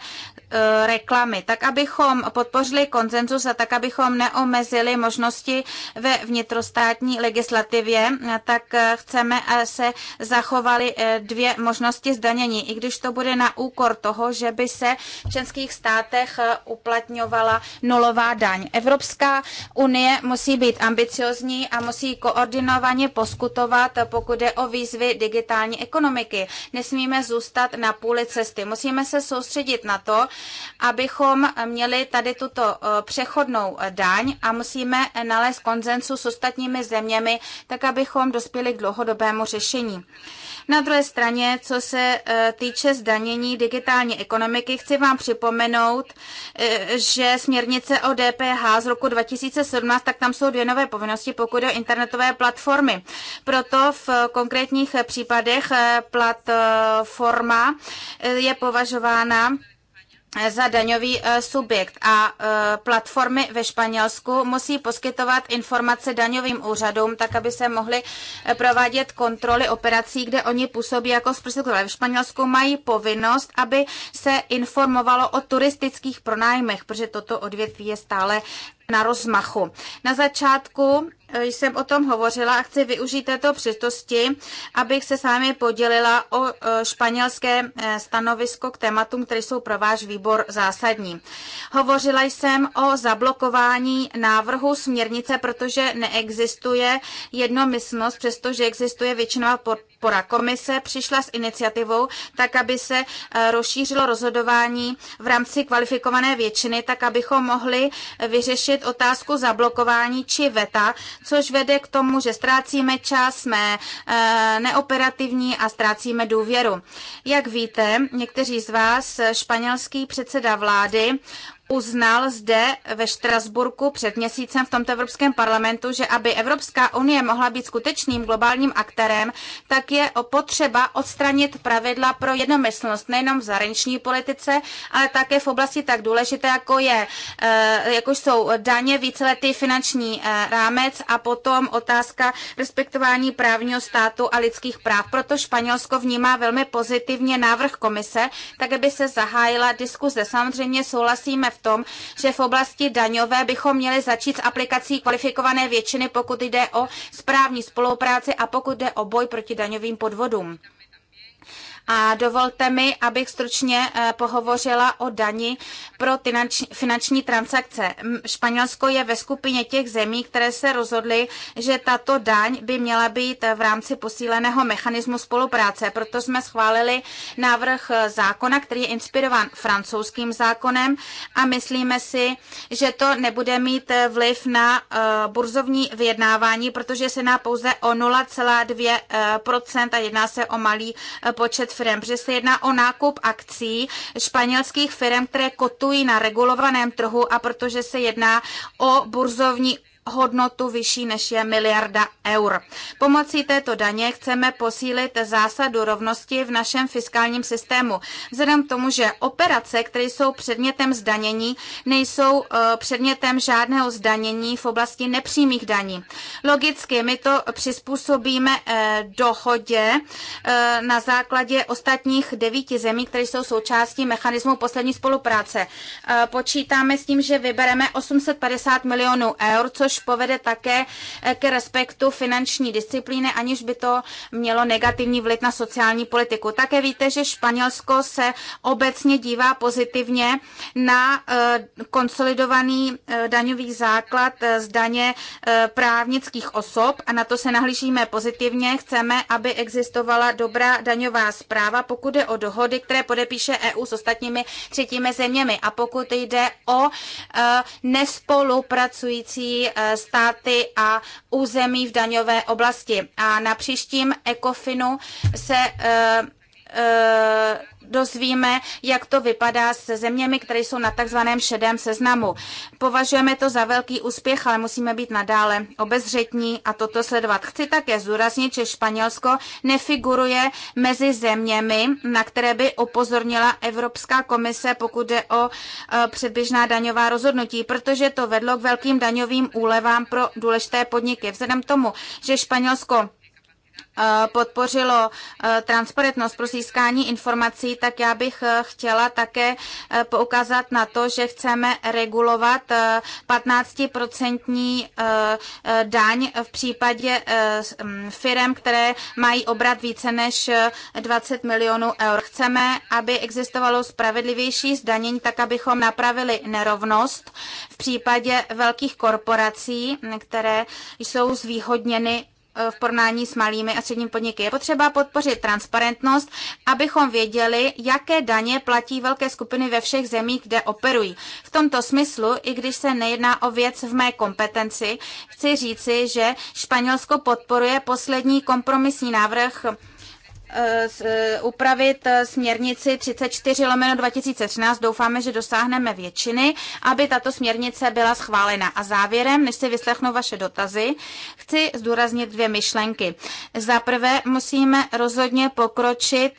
E, reklamy, tak abychom podpořili konsenzus a tak abychom neomezili možnosti ve vnitrostátní legislativě, tak chceme, aby se zachovaly e, dvě možnosti zdanění, i když to bude na úkor toho, že by se v členských státech e, uplatňovala nulová daň. Evropská unie musí být ambiciozní a musí koordinovaně poskutovat, pokud je o výzvy digitální ekonomiky. Nesmíme zůstat na půli cesty. Musíme se soustředit na to, abychom měli tady tuto eh, přechodnou eh, daň a musíme eh, nalézt konzensu s ostatními zeměmi, tak abychom dospěli k dlouhodobému řešení. Na druhé straně, co se týče zdanění digitální ekonomiky, chci vám připomenout, že směrnice o DPH z roku 2017, tak tam jsou dvě nové povinnosti, pokud je o internetové platformy. Proto v konkrétních případech platforma je považována za daňový eh, subjekt a eh, platformy ve Španělsku musí poskytovat informace daňovým úřadům, tak aby se mohly eh, provádět kontroly operací, kde oni působí jako zprostředkovatelé. V Španělsku mají povinnost, aby se informovalo o turistických pronájmech, protože toto odvětví je stále na rozmachu. Na začátku jsem o tom hovořila a chci využít této přistosti, abych se s vámi podělila o e, španělské e, stanovisko k tématům, které jsou pro váš výbor zásadní. Hovořila jsem o zablokování návrhu směrnice, protože neexistuje jednomyslnost, přestože existuje většinová podpora podpora. Komise přišla s iniciativou tak, aby se eh, rozšířilo rozhodování v rámci kvalifikované většiny, tak abychom mohli eh, vyřešit otázku zablokování či veta, což vede k tomu, že ztrácíme čas, jsme eh, neoperativní a ztrácíme důvěru. Jak víte, někteří z vás, španělský předseda vlády, uznal zde ve Štrasburku před měsícem v tomto Evropském parlamentu, že aby Evropská unie mohla být skutečným globálním aktérem, tak je potřeba odstranit pravidla pro jednomyslnost nejenom v zahraniční politice, ale také v oblasti tak důležité, jako, je, eh, jako jsou daně, víceletý finanční eh, rámec a potom otázka respektování právního státu a lidských práv. Proto Španělsko vnímá velmi pozitivně návrh komise, tak aby se zahájila diskuze. Samozřejmě souhlasíme v tom, že v oblasti daňové bychom měli začít s aplikací kvalifikované většiny, pokud jde o správní spolupráci a pokud jde o boj proti daňovým podvodům. A dovolte mi, abych stručně eh, pohovořila o dani pro finanční transakce. Španělsko je ve skupině těch zemí, které se rozhodly, že tato daň by měla být eh, v rámci posíleného mechanismu spolupráce. Proto jsme schválili návrh eh, zákona, který je inspirován francouzským zákonem a myslíme si, že to nebude mít vliv na burzovní vyjednávání, protože se jedná pouze o 0,2% a jedná se o malý počet firm, protože se jedná o nákup akcí španělských firm, které kotují na regulovaném trhu a protože se jedná o burzovní hodnotu vyšší než je miliarda eur. Pomocí této daně chceme posílit zásadu rovnosti v našem fiskálním systému. Vzhledem k tomu, že operace, které jsou předmětem zdanění, nejsou eh, předmětem žádného zdanění v oblasti nepřímých daní. Logicky my to přizpůsobíme eh, dohodě eh, na základě ostatních devíti zemí, které jsou součástí mechanismu poslední spolupráce. Počítáme s tím, že vybereme 850 milionů eur, což což povede také eh, k respektu finanční disciplíny, aniž by to mělo negativní vliv na sociální politiku. Také víte, že Španělsko se obecně dívá pozitivně na eh, konsolidovaný eh, daňový základ z daně právnických osob a na to se nahlížíme pozitivně. Chceme, aby existovala dobrá daňová zpráva, pokud je o dohody, které podepíše EU s ostatními třetími zeměmi a pokud jde o nespolupracující státy a území v daňové oblasti. A na příštím ECOFINu se eh, Eh, dozvíme, jak to vypadá se zeměmi, které jsou na takzvaném šedém seznamu. Považujeme to za velký úspěch, ale musíme být nadále obezřetní a toto sledovat. Chci také zdůraznit, že Španělsko nefiguruje mezi zeměmi, na které by upozornila Evropská komise, pokud jde o eh, předběžná daňová rozhodnutí, protože to vedlo k velkým daňovým úlevám pro důležité podniky. Vzhledem tomu, že Španělsko Eh, podpořilo eh, transparentnost pro získání informací, tak já bych eh, chtěla také poukázat na to, že chceme regulovat 15% daň v případě mm, firm, které mají obrat více než 20 milionů eur. Chceme, aby existovalo spravedlivější zdanění, tak abychom napravili nerovnost v případě velkých korporací, které jsou zvýhodněny Eh, v porovnání s malými a středními podniky. Je potřeba podpořit transparentnost, abychom věděli, jaké daně platí velké skupiny ve všech zemích, kde operují. V tomto smyslu, i když se nejedná o věc v mé kompetenci, chci říci, že Španělsko podporuje poslední kompromisní návrh Eh, eh, upravit eh, směrnici 34 lomeno 2013. Doufáme, že dosáhneme většiny, aby tato směrnice byla schválena. A závěrem, než si vyslechnu vaše dotazy, chci zdůraznit dvě myšlenky. Za prvé musíme rozhodně pokročit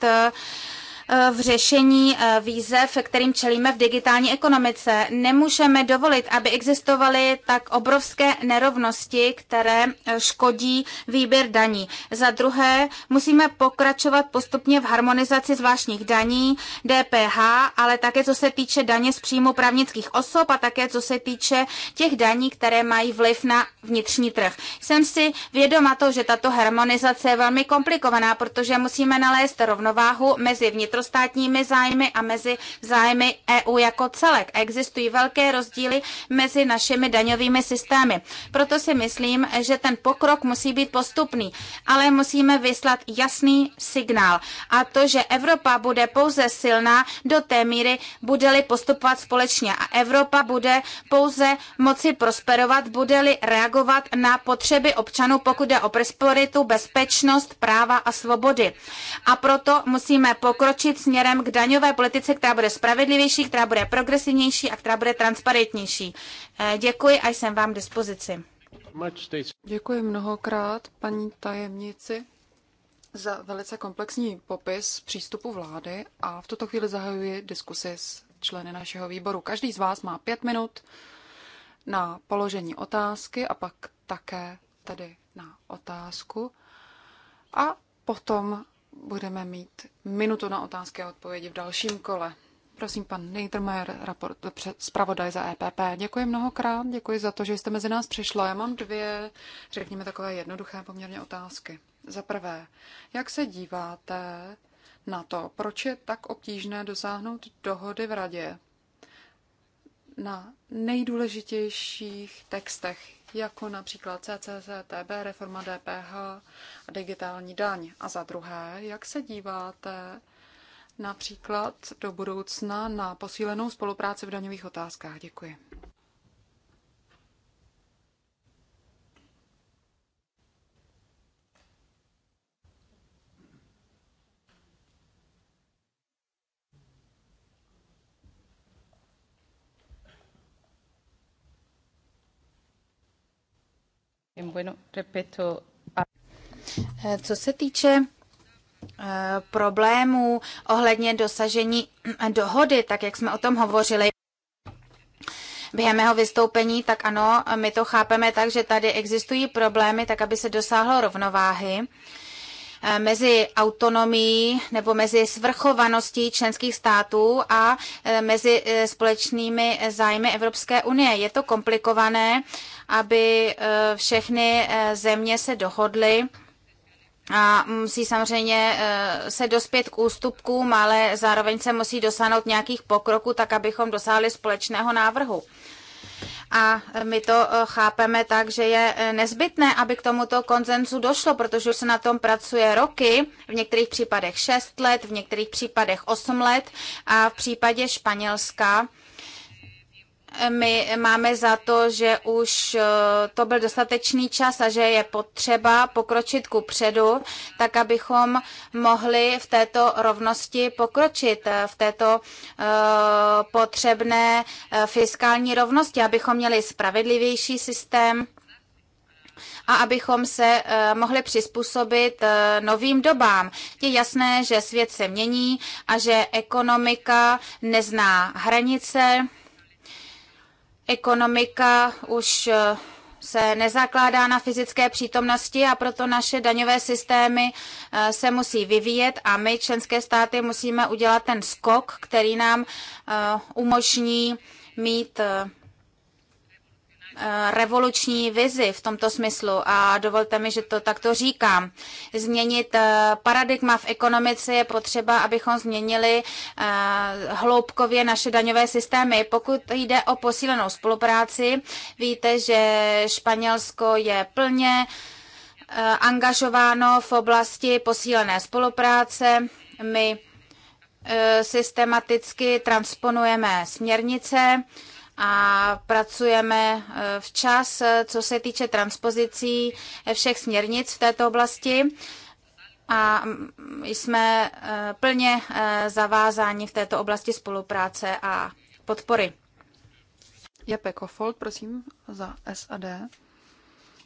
Eh, v řešení eh, výzev, kterým čelíme v digitální ekonomice. Nemůžeme dovolit, aby existovaly tak obrovské nerovnosti, které eh, škodí výběr daní. Za druhé, musíme pokračovat postupně v harmonizaci zvláštních daní, DPH, ale také co se týče daně z příjmu právnických osob a také co se týče těch daní, které mají vliv na vnitřní trh. Jsem si vědoma to, že tato harmonizace je velmi komplikovaná, protože musíme nalézt rovnováhu mezi vnitř vnitrostátními zájmy a mezi zájmy EU jako celek. Existují velké rozdíly mezi našimi daňovými systémy. Proto si myslím, že ten pokrok musí být postupný, ale musíme vyslat jasný signál. A to, že Evropa bude pouze silná do té míry, bude-li postupovat společně. A Evropa bude pouze moci prosperovat, bude-li reagovat na potřeby občanů, pokud jde o prosperitu, bezpečnost, práva a svobody. A proto musíme pokročit otočit směrem k daňové politice, která bude spravedlivější, která bude progresivnější a která bude transparentnější. Eh, děkuji a jsem vám k dispozici. Děkuji mnohokrát paní tajemnici za velice komplexní popis přístupu vlády a v tuto chvíli zahajuji diskusi s členy našeho výboru. Každý z vás má pět minut na položení otázky a pak také tedy na otázku. A potom budeme mít minutu na otázky a odpovědi v dalším kole. Prosím, pan Niedermayer, raport, zpravodaj za EPP. Děkuji mnohokrát, děkuji za to, že jste mezi nás přišla. Já mám dvě, řekněme, takové jednoduché poměrně otázky. Za prvé, jak se díváte na to, proč je tak obtížné dosáhnout dohody v radě na nejdůležitějších textech jako například CCCTB, reforma DPH a digitální daň. A za druhé, jak se díváte například do budoucna na posílenou spolupráci v daňových otázkách? Děkuji. Eh, co se týče eh, problémů ohledně dosažení eh, dohody, tak jak jsme o tom hovořili, během mého vystoupení, tak ano, my to chápeme tak, že tady existují problémy, tak aby se dosáhlo rovnováhy. Eh, mezi autonomií nebo mezi svrchovaností členských států a eh, mezi eh, společnými zájmy Evropské unie. Je to komplikované, aby všechny země se dohodly a musí samozřejmě se dospět k ústupkům, ale zároveň se musí dosáhnout nějakých pokroků, tak abychom dosáhli společného návrhu. A my to eh, chápeme tak, že je eh, nezbytné, aby k tomuto konzenzu došlo, protože už se na tom pracuje roky, v některých případech 6 let, v některých případech 8 let a v případě Španělska my máme za to, že už eh, to byl dostatečný čas a že je potřeba pokročit ku předu, tak abychom mohli v této rovnosti pokročit, eh, v této eh, potřebné fiskální rovnosti, abychom měli spravedlivější systém a abychom se mohli přizpůsobit novým dobám. Je jasné, že svět se mění a že ekonomika nezná hranice ekonomika už eh, se nezakládá na fyzické přítomnosti a proto naše daňové systémy eh, se musí vyvíjet a my, členské státy, musíme udělat ten skok, který nám eh, umožní mít Eh, revoluční vizi v tomto smyslu a dovolte mi, že to takto říkám. Změnit eh, paradigma v ekonomice je potřeba, abychom změnili eh, hloubkově naše daňové systémy. Pokud jde o posílenou spolupráci, víte, že Španělsko je plně angažováno v oblasti posílené spolupráce. My systematicky transponujeme směrnice, a pracujeme e, včas, e, co se týče transpozicí e, všech směrnic v této oblasti a jsme plně zavázáni v této oblasti spolupráce a podpory. Jepe Kofold, prosím, za SAD.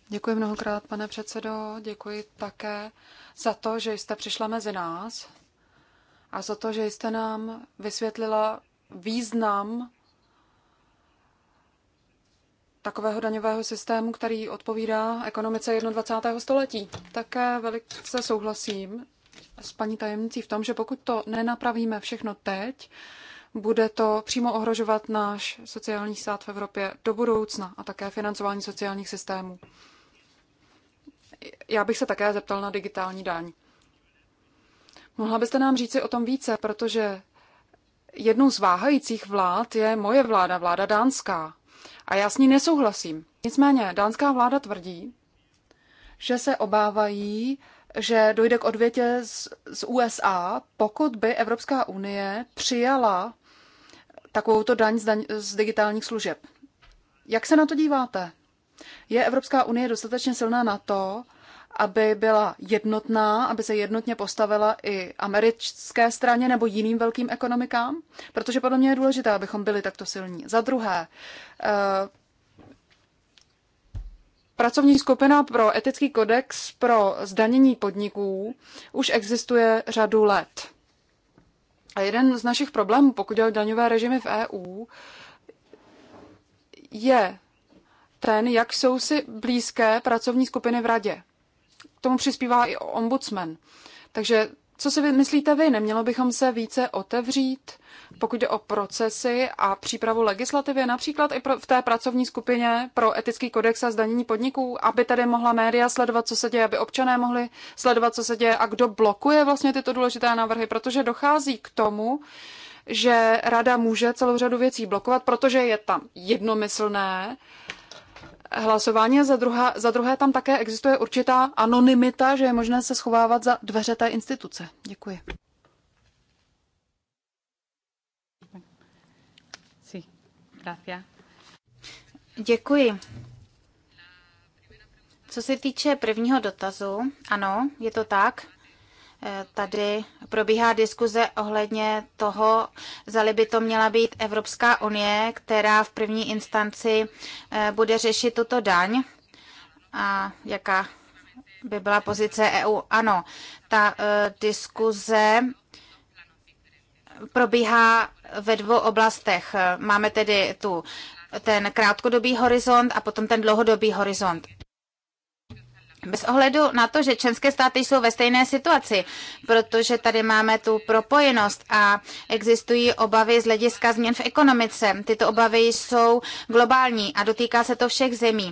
Děkuji mnohokrát, pane předsedo. Děkuji také za to, že jste přišla mezi nás a za to, že jste nám vysvětlila význam takového daňového systému, který odpovídá ekonomice 21. století. Také velice souhlasím s paní tajemnicí v tom, že pokud to nenapravíme všechno teď, bude to přímo ohrožovat náš sociální stát v Evropě do budoucna a také financování sociálních systémů. Já bych se také zeptal na digitální daň. Mohla byste nám říci o tom více, protože jednou z váhajících vlád je moje vláda, vláda dánská. A já s ní nesouhlasím. Nicméně dánská vláda tvrdí, že se obávají, že dojde k odvětě z, z USA, pokud by Evropská unie přijala takovouto daň z, daň z digitálních služeb. Jak se na to díváte? Je Evropská unie dostatečně silná na to, aby byla jednotná, aby se jednotně postavila i americké straně nebo jiným velkým ekonomikám, protože podle mě je důležité, abychom byli takto silní. Za druhé, eh, Pracovní skupina pro etický kodex pro zdanění podniků už existuje řadu let. A jeden z našich problémů, pokud jde o daňové režimy v EU, je ten, jak jsou si blízké pracovní skupiny v radě k tomu přispívá i ombudsman. Takže co si myslíte vy? Nemělo bychom se více otevřít, pokud jde o procesy a přípravu legislativy, například i v té pracovní skupině pro etický kodex a zdanění podniků, aby tady mohla média sledovat, co se děje, aby občané mohli sledovat, co se děje a kdo blokuje vlastně tyto důležité návrhy, protože dochází k tomu, že rada může celou řadu věcí blokovat, protože je tam jednomyslné hlasování a za, druhá, za druhé tam také existuje určitá anonymita, že je možné se schovávat za dveře té instituce. Děkuji. Děkuji. Co se týče prvního dotazu, ano, je to tak tady probíhá diskuze ohledně toho, zali by to měla být Evropská unie, která v první instanci eh, bude řešit tuto daň a jaká by byla pozice EU. Ano, ta eh, diskuze probíhá ve dvou oblastech. Máme tedy tu ten krátkodobý horizont a potom ten dlouhodobý horizont bez ohledu na to, že členské státy jsou ve stejné situaci, protože tady máme tu propojenost a existují obavy z hlediska změn v ekonomice. Tyto obavy jsou globální a dotýká se to všech zemí.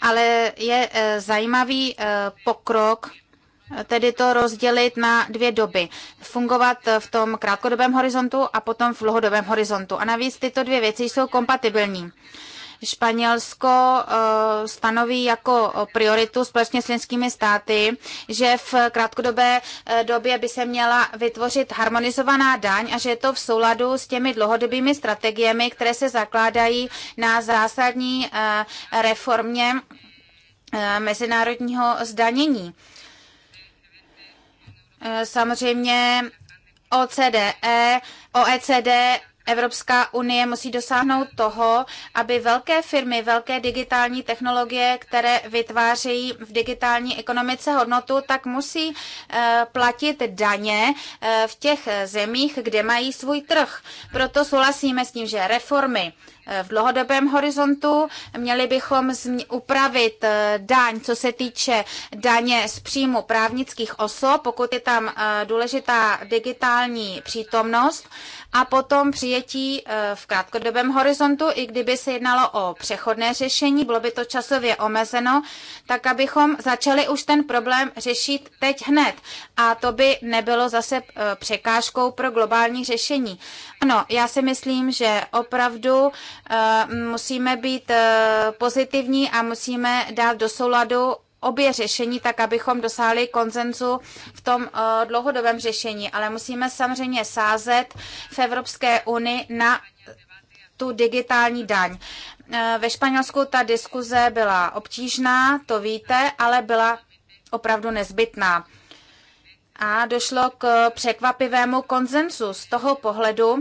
Ale je eh, zajímavý eh, pokrok eh, tedy to rozdělit na dvě doby. Fungovat v tom krátkodobém horizontu a potom v dlouhodobém horizontu. A navíc tyto dvě věci jsou kompatibilní. Španělsko eh, stanoví jako prioritu společně s členskými státy, že v krátkodobé eh, době by se měla vytvořit harmonizovaná daň a že je to v souladu s těmi dlouhodobými strategiemi, které se zakládají na zásadní eh, reformě mezinárodního zdanění. Samozřejmě OCDE, OECD Evropská unie musí dosáhnout toho, aby velké firmy, velké digitální technologie, které vytvářejí v digitální ekonomice hodnotu, tak musí eh, platit daně eh, v těch zemích, kde mají svůj trh. Proto souhlasíme s tím, že reformy eh, v dlouhodobém horizontu. Měli bychom upravit daň, co se týče daně z příjmu právnických osob, pokud je tam důležitá digitální přítomnost a potom přijetí eh, v krátkodobém horizontu, i kdyby se jednalo o přechodné řešení, bylo by to časově omezeno, tak abychom začali už ten problém řešit teď hned. A to by nebylo zase eh, překážkou pro globální řešení. Ano, já si myslím, že opravdu eh, musíme být pozitivní a musíme dát do souladu obě řešení, tak abychom dosáhli konzenzu v tom eh, dlouhodobém řešení. Ale musíme samozřejmě sázet v Evropské unii na tu digitální daň. Eh, ve Španělsku ta diskuze byla obtížná, to víte, ale byla opravdu nezbytná. A došlo k překvapivému konsenzu z toho pohledu,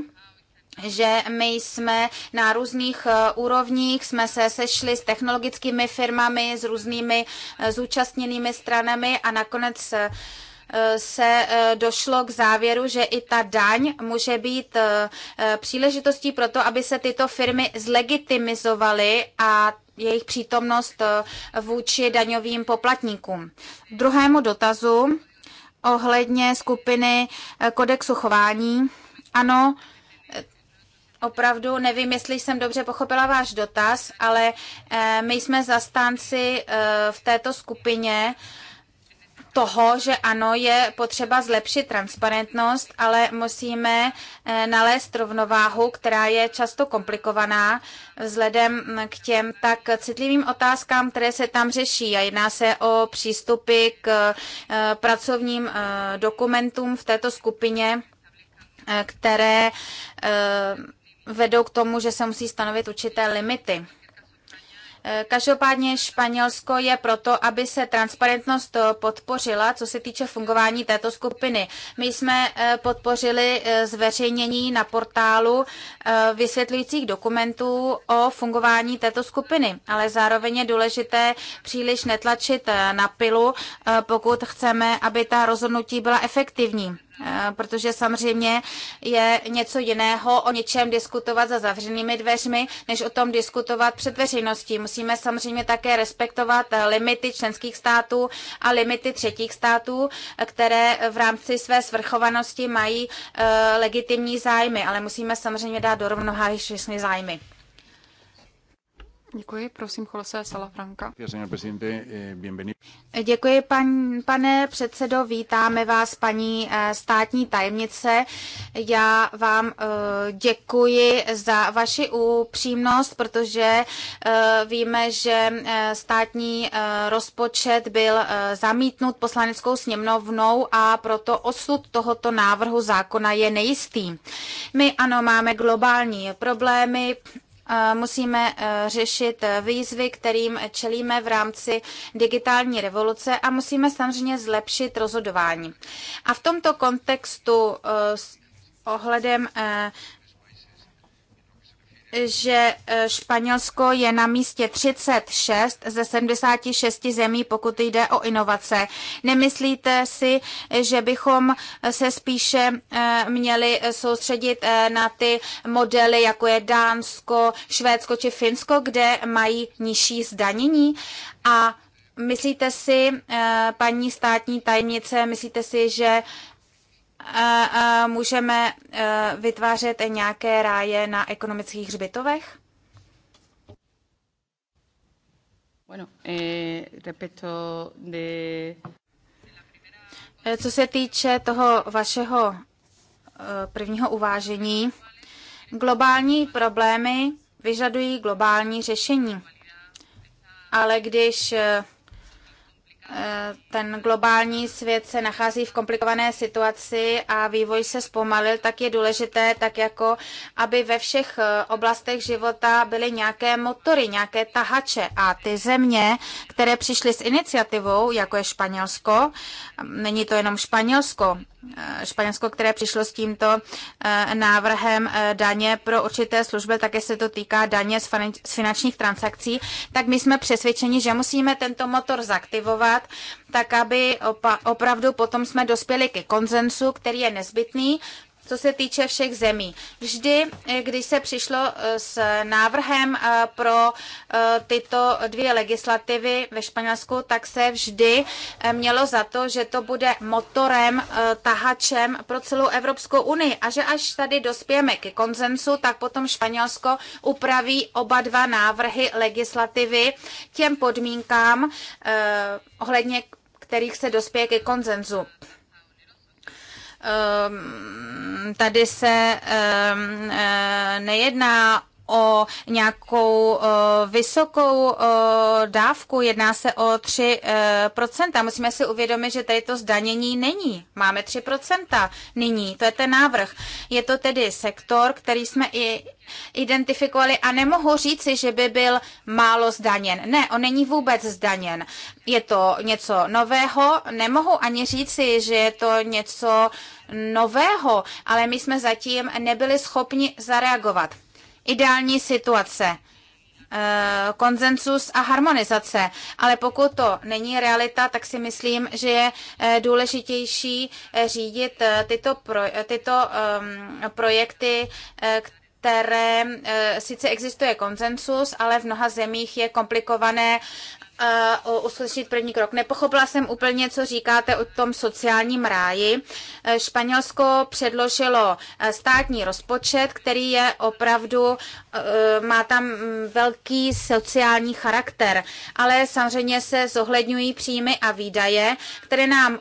že my jsme na různých eh, úrovních, jsme se sešli s technologickými firmami, s různými eh, zúčastněnými stranami a nakonec eh, se došlo k závěru, že i ta daň může být příležitostí pro to, aby se tyto firmy zlegitimizovaly a jejich přítomnost vůči daňovým poplatníkům. Druhému dotazu ohledně skupiny kodexu chování. Ano, Opravdu nevím, jestli jsem dobře pochopila váš dotaz, ale eh, my jsme zastánci eh, v této skupině toho, že ano, je potřeba zlepšit transparentnost, ale musíme eh, nalézt rovnováhu, která je často komplikovaná vzhledem mm, k těm tak citlivým otázkám, které se tam řeší. A jedná se o přístupy k pracovním dokumentům v této skupině, které vedou k tomu, že se musí stanovit určité limity. E, každopádně Španělsko je proto, aby se transparentnost e, podpořila, co se týče fungování této skupiny. My jsme e, podpořili zveřejnění na portálu vysvětlujících dokumentů o fungování této skupiny, ale zároveň je důležité příliš netlačit na pilu, pokud chceme, aby ta rozhodnutí byla efektivní. Eh, protože samozřejmě je něco jiného o něčem diskutovat za zavřenými dveřmi, než o tom diskutovat před veřejností. Musíme samozřejmě také respektovat eh, limity členských států a limity třetích států, které v rámci své svrchovanosti mají eh, legitimní zájmy, ale musíme samozřejmě dát do rovnováhy všechny zájmy. Děkuji, prosím, Jose Salafranca. Eh, děkuji, pan, pane předsedo, vítáme vás, paní eh, státní tajemnice. Já vám eh, děkuji za vaši upřímnost, protože víme, že státní rozpočet byl zamítnut poslaneckou sněmovnou a proto osud tohoto návrhu zákona je nejistý. My ano, máme globální problémy, musíme e, řešit e, výzvy, kterým čelíme v rámci digitální revoluce a musíme samozřejmě zlepšit rozhodování. A v tomto kontextu e, ohledem že e, Španělsko je na místě 36 ze 76 zemí, pokud jde o inovace. Nemyslíte si, že bychom e, se spíše e, měli soustředit na ty modely, jako je Dánsko, Švédsko či Finsko, kde mají nižší zdanění? A myslíte si, paní státní tajemnice, myslíte si, že můžeme e, vytvářet nějaké ráje na ekonomických hřbitovech? Bueno, eh, respecto de... E, co se týče toho vašeho e, prvního uvážení, globální problémy vyžadují globální řešení. Ale když Eh, ten globální svět se nachází v komplikované situaci a vývoj se zpomalil, tak je důležité, tak jako aby ve všech eh, oblastech života byly nějaké motory, nějaké tahače. A ty země, které přišly s iniciativou, jako je Španělsko, mm, není to jenom Španělsko, Španělsko, které přišlo s tímto eh, návrhem eh, daně pro určité služby, také se to týká daně z finančních transakcí, tak my jsme přesvědčeni, že musíme tento motor zaktivovat, tak aby opa- opravdu potom jsme dospěli ke konzensu, který je nezbytný co se týče všech zemí. Vždy, eh, když se přišlo eh, s návrhem eh, pro tyto dvě legislativy ve Španělsku, tak se vždy mělo za to, že to bude motorem, tahačem pro celou Evropskou unii a že až tady dospějeme ke konzensu, tak potom Španělsko upraví oba dva návrhy legislativy těm podmínkám ohledně kterých se dospěje ke konsenzu. Ehm, tady se ehm, eh, nejedná o nějakou eh, vysokou eh, dávku, jedná se o 3%. Musíme si uvědomit, že tady to zdanění není. Máme 3% nyní, to je ten návrh. Je to tedy sektor, který jsme i identifikovali a nemohu říci, že by byl málo zdaněn. Ne, on není vůbec zdaněn. Je to něco nového, nemohu ani říci, že je to něco nového, ale my jsme zatím nebyli schopni zareagovat. Ideální situace eh, konsenzus a harmonizace. Ale pokud to není realita, tak si myslím, že je eh, důležitější eh, řídit tyto, pro, tyto ehm, projekty, které sice existuje konsenzus, ale v mnoha zemích je komplikované uskutečnit první krok. Nepochopila jsem úplně, co říkáte o tom sociálním ráji. E, Španělsko předložilo e, státní rozpočet, který je opravdu, e, má tam mm, velký sociální charakter, ale samozřejmě se zohledňují příjmy a výdaje, které nám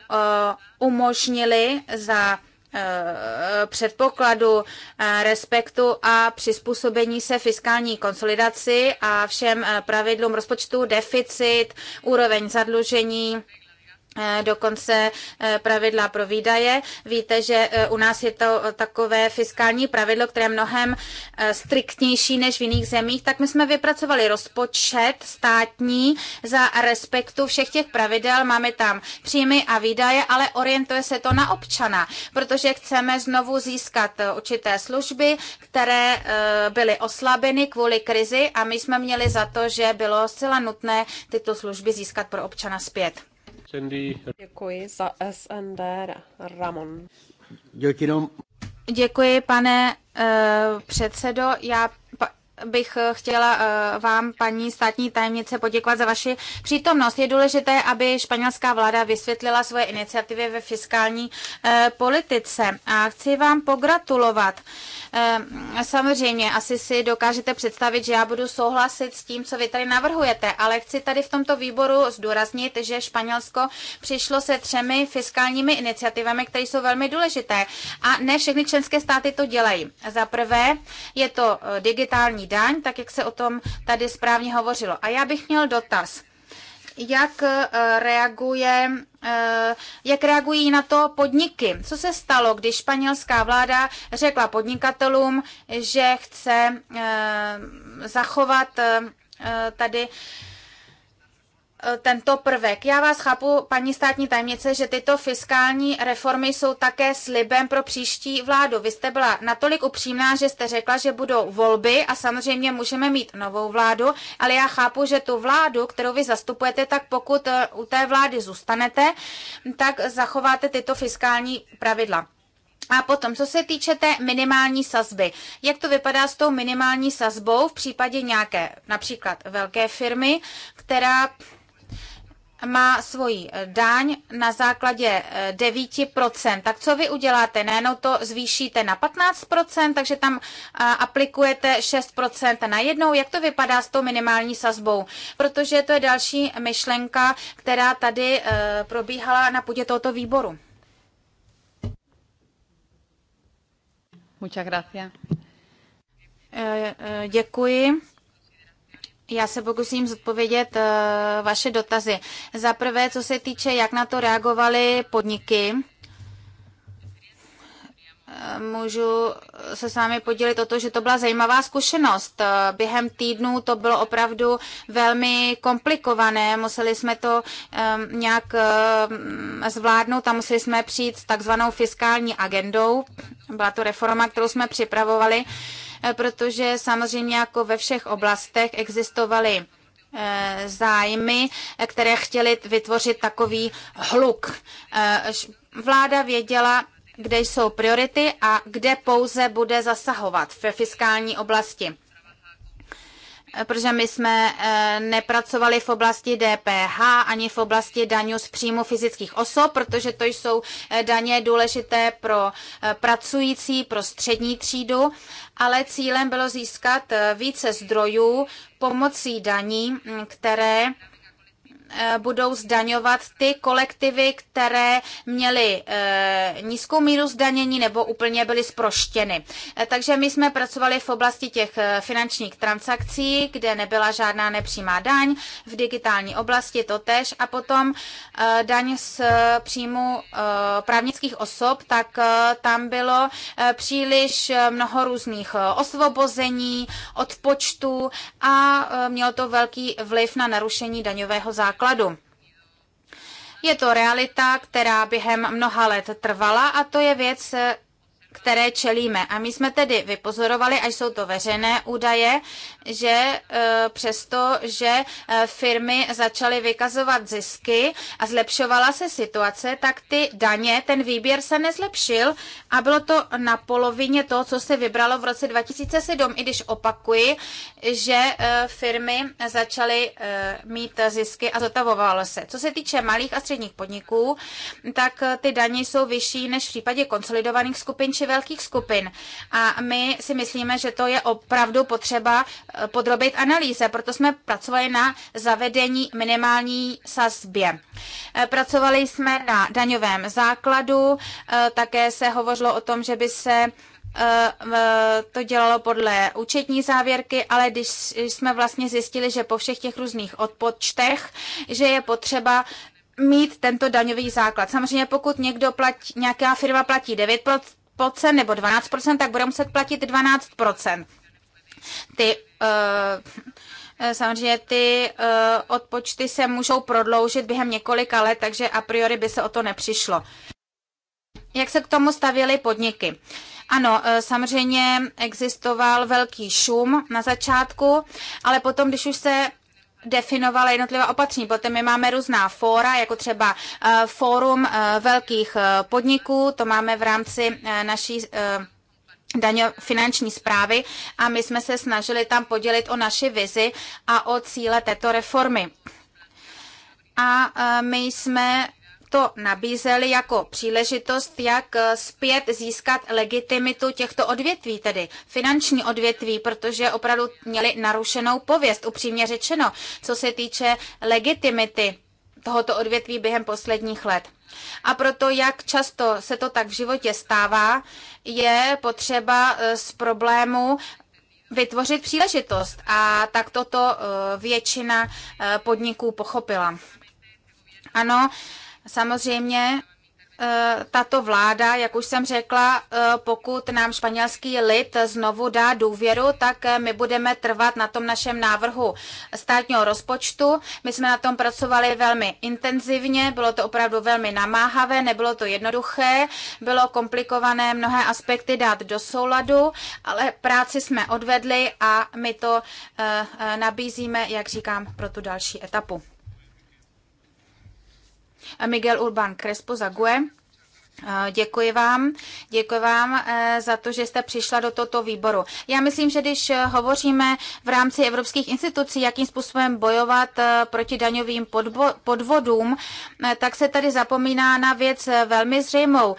umožnili za Eh, předpokladu eh, respektu a přizpůsobení se fiskální konsolidaci a všem eh, pravidlům rozpočtu, deficit, úroveň zadlužení, Eh, dokonce eh, pravidla pro výdaje. Víte, že eh, u nás je to takové fiskální pravidlo, které je mnohem striktnější než v jiných zemích, tak my jsme vypracovali rozpočet státní za respektu všech těch pravidel. Máme tam příjmy a výdaje, ale orientuje se to na občana, protože chceme znovu získat určité služby, které byly oslabeny kvůli krizi a my jsme měli za to, že bylo zcela nutné tyto služby získat pro občana zpět. Děkuji za SND Ramon. Děkuji, pane uh, předsedo. Já bych chtěla eh, vám, paní státní tajemnice, poděkovat za vaši přítomnost. Je důležité, aby španělská vláda vysvětlila svoje iniciativy ve fiskální eh, politice. A chci vám pogratulovat. Ehm, samozřejmě, asi si dokážete představit, že já budu souhlasit s tím, co vy tady navrhujete, ale chci tady v tomto výboru zdůraznit, že Španělsko přišlo se třemi fiskálními iniciativami, které jsou velmi důležité. A ne všechny členské státy to dělají. Za prvé je to eh, digitální daň, tak jak se o tom tady správně hovořilo. A já bych měl dotaz jak eh, reaguje, eh, jak reagují na to podniky. Co se stalo, když španělská vláda řekla podnikatelům, že chce eh, zachovat tady Eh, tento prvek. Já vás chápu, paní státní tajemnice, že tyto fiskální reformy jsou také slibem pro příští vládu. Vy jste byla natolik upřímná, že jste řekla, že budou volby a samozřejmě můžeme mít novou vládu, ale já chápu, že tu vládu, kterou vy zastupujete, tak pokud eh, u té vlády zůstanete, tak zachováte tyto fiskální pravidla. A potom, co se týče té minimální sazby, jak to vypadá s tou minimální sazbou v případě nějaké například velké firmy, která má svoji eh, daň na základě 9%. Eh, tak co vy uděláte? Ne? No to zvýšíte na 15%, takže tam eh, aplikujete 6% na jednou. Jak to vypadá s tou minimální sazbou? Protože to je další myšlenka, která tady probíhala na půdě tohoto výboru. Muchas gracias. Děkuji. Já se pokusím zodpovědět eh, vaše dotazy. Za prvé, co se týče, jak na to reagovaly podniky, eh, můžu se s vámi podělit o to, že to byla zajímavá zkušenost. Eh, Během týdnu to bylo opravdu velmi komplikované, museli jsme to nějak zvládnout a museli jsme přijít s takzvanou fiskální agendou. Byla to reforma, kterou jsme připravovali Eh, protože samozřejmě jako ve všech oblastech existovaly eh, zájmy, eh, které chtěly vytvořit takový hluk. Vláda věděla, kde jsou priority a kde pouze bude zasahovat ve fiskální oblasti protože my jsme eh, nepracovali v oblasti DPH ani v oblasti daňů z příjmu fyzických osob, protože to jsou eh, daně důležité pro eh, pracující, pro střední třídu, ale cílem bylo získat více zdrojů pomocí daní, mm, které Eh, budou zdaňovat ty kolektivy, které měly eh, nízkou míru zdanění nebo úplně byly zproštěny. Eh, takže my jsme pracovali v oblasti těch finančních transakcí, kde nebyla žádná nepřímá daň, v digitální oblasti to tež a potom daň z příjmu právnických osob, tak tam bylo příliš mnoho různých osvobození, odpočtů a mělo to velký vliv na narušení daňového základu základu. Je to realita, která během mnoha let trvala a to je věc, které čelíme. A my jsme tedy vypozorovali, až jsou to veřejné údaje, že e, přesto, že e, firmy začaly vykazovat zisky a zlepšovala se situace, tak ty daně, ten výběr se nezlepšil a bylo to na polovině toho, co se vybralo v roce 2007, i když opakuji, že e, firmy začaly mít zisky a zotavovalo se. Co se týče malých a středních podniků, tak ty daně jsou vyšší než v případě konsolidovaných skupin či či velkých skupin. A my si myslíme, že to je opravdu potřeba eh, podrobit analýze, proto jsme pracovali na zavedení minimální sazbě. Eh, pracovali jsme na daňovém základu, eh, také se hovořilo o tom, že by se to dělalo podle účetní závěrky, ale když jsme vlastně zjistili, že po všech těch různých odpočtech, že je potřeba mít tento daňový základ. Samozřejmě pokud někdo platí, nějaká firma platí 10% nebo 12%, tak bude muset platit 12%. Ty uh, Samozřejmě ty uh, odpočty se můžou prodloužit během několika let, takže a priori by se o to nepřišlo. Jak se k tomu stavěly podniky? Ano, samozřejmě existoval velký šum na začátku, ale potom, když už se definovala jednotlivá opatření. Potom my máme různá fóra, jako třeba eh, fórum eh, velkých eh, podniků, to máme v rámci naší daňo, finanční zprávy a my jsme se snažili tam podělit o naši vizi a o cíle této reformy. A my jsme to nabízeli jako příležitost, jak eh, zpět získat legitimitu těchto odvětví, tedy finanční odvětví, protože opravdu měli narušenou pověst, upřímně řečeno, co se týče legitimity tohoto odvětví během posledních let. A proto, jak často se to tak v životě stává, je potřeba eh, z problému vytvořit příležitost. A tak toto eh, většina podniků pochopila. Ano, Samozřejmě eh, tato vláda, jak už jsem řekla, eh, pokud nám španělský lid znovu dá důvěru, tak eh, my budeme trvat na tom našem návrhu státního rozpočtu. My jsme na tom pracovali velmi intenzivně, bylo to opravdu velmi namáhavé, nebylo to jednoduché, bylo komplikované mnohé aspekty dát do souladu, ale práci jsme odvedli a my to nabízíme, jak říkám, pro tu další etapu. Miguel Urban Crespo za GUE. Děkuji vám, děkuji vám eh, za to, že jste přišla do tohoto výboru. Já myslím, že když eh, hovoříme v rámci evropských institucí, jakým způsobem bojovat eh, proti daňovým podvodům, tak se tady zapomíná na věc velmi zřejmou.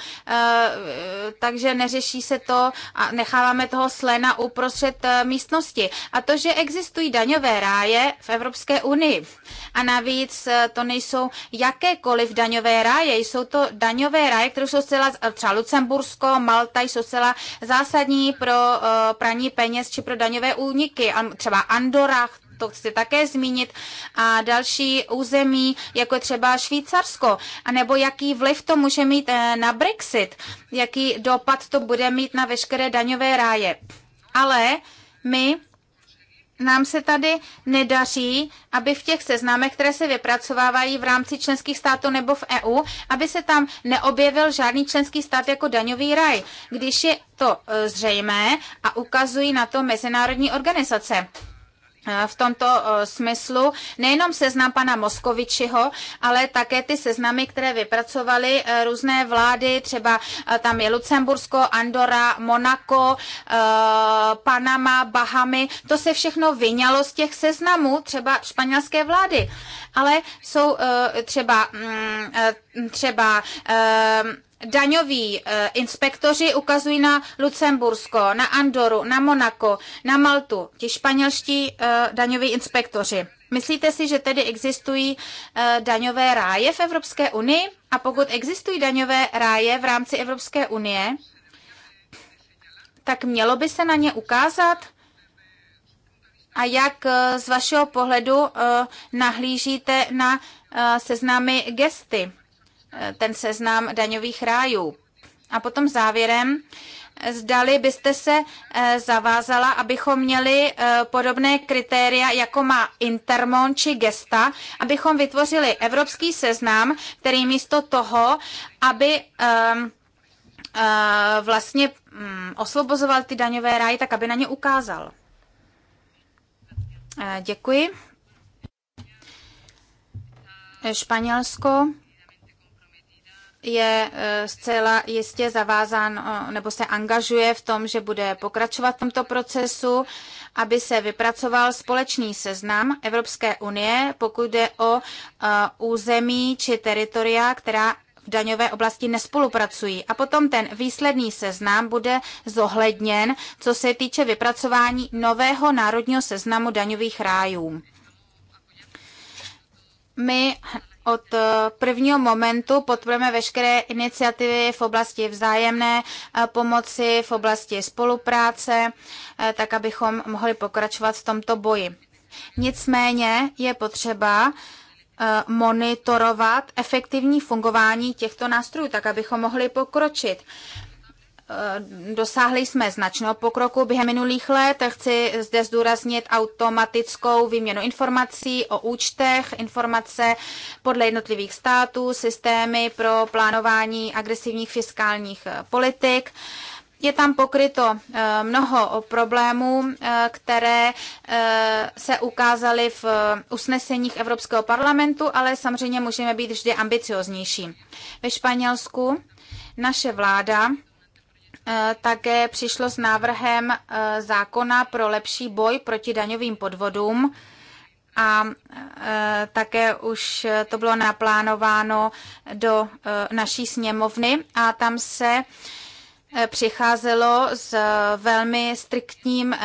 Takže neřeší se to a necháváme toho slena uprostřed místnosti. A to, že existují daňové ráje v Evropské unii. A navíc to nejsou jakékoliv daňové ráje, jsou to daňové ráje, které jsou zcela, eh, třeba Lucembursko, Malta jsou zcela zásadní pro eh, praní peněz či pro daňové úniky, třeba Andorra, to chci také zmínit, a další území, jako třeba Švýcarsko, A nebo jaký vliv to může mít eh, na Brexit, jaký dopad to bude mít na veškeré daňové ráje. Ale my nám se tady nedaří, aby v těch seznamech, které se vypracovávají v rámci členských států nebo v EU, aby se tam neobjevil žádný členský stát jako daňový raj, když je to e, zřejmé a ukazují na to mezinárodní organizace. Eh, v tomto eh, smyslu nejenom seznam pana Moskovičiho, ale také ty seznamy, které vypracovaly eh, různé vlády, třeba tam je Lucembursko, Andora, Monako, Panama, Bahamy, to se všechno vyňalo z těch seznamů třeba španělské vlády. Ale jsou třeba, mm, třeba daňoví eh, inspektoři ukazují na Lucembursko, na Andoru, na Monako, na Maltu, ti španělští eh, daňoví inspektoři. Myslíte si, že tedy existují eh, daňové ráje v Evropské unii? A pokud existují daňové ráje v rámci Evropské unie, tak mělo by se na ně ukázat? A jak z vašeho pohledu nahlížíte na seznámy gesty? ten seznam daňových rájů. A potom závěrem, zdali byste se e, zavázala, abychom měli e, podobné kritéria, jako má Intermon či Gesta, abychom vytvořili evropský seznam, který místo toho, aby e, vlastně mm, osvobozoval ty daňové ráje, tak aby na ně ukázal. Děkuji. Španělsko je e, zcela jistě zavázán e, nebo se angažuje v tom, že bude pokračovat v tomto procesu, aby se vypracoval společný seznam Evropské unie, pokud jde o e, území či teritoria, která v daňové oblasti nespolupracují. A potom ten výsledný seznam bude zohledněn, co se týče vypracování nového národního seznamu daňových rájů. My od eh, prvního momentu podporujeme veškeré iniciativy v oblasti vzájemné eh, pomoci, v oblasti spolupráce, eh, tak abychom mohli pokračovat v tomto boji. Nicméně je potřeba monitorovat efektivní fungování těchto nástrojů, tak abychom mohli pokročit. Eh, dosáhli jsme značného pokroku během minulých let. Chci zde zdůraznit automatickou výměnu informací o účtech, informace podle jednotlivých států, systémy pro plánování agresivních fiskálních eh, politik. Je tam pokryto eh, mnoho problémů, které se ukázaly v usneseních Evropského parlamentu, ale samozřejmě můžeme být vždy ambicioznější. Ve Španělsku naše vláda Eh, také přišlo s návrhem eh, zákona pro lepší boj proti daňovým podvodům a eh, také už to bylo naplánováno do naší sněmovny a tam se přicházelo s velmi striktním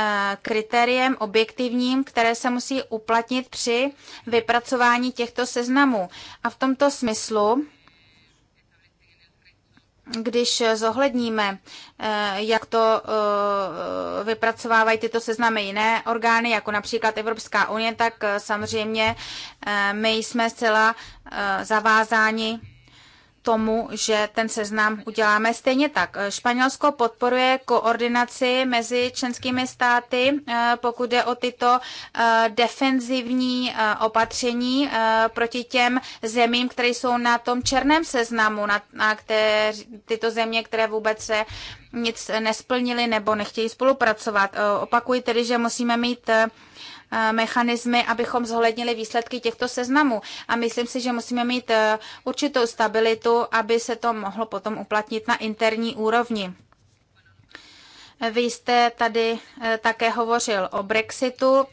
kritériem objektivním, které se musí uplatnit při vypracování těchto seznamů. A v tomto smyslu když zohledníme, eh, jak to eh, vypracovávají tyto seznamy jiné orgány, jako například Evropská unie, tak eh, samozřejmě my jsme zcela zavázáni tomu, že ten seznam uděláme stejně tak. Španělsko podporuje koordinaci mezi členskými státy, eh, pokud jde o tyto eh, defenzivní eh, opatření proti těm zemím, které jsou na tom černém seznamu, na, na kter, tyto země, které vůbec se nic nesplnili nebo nechtějí spolupracovat. Opakuji tedy, že musíme mít Eh, mechanismy, abychom zohlednili výsledky těchto seznamů. A myslím si, že musíme mít eh, určitou stabilitu, aby se to mohlo potom uplatnit na interní úrovni. Vy jste tady eh, také hovořil o Brexitu.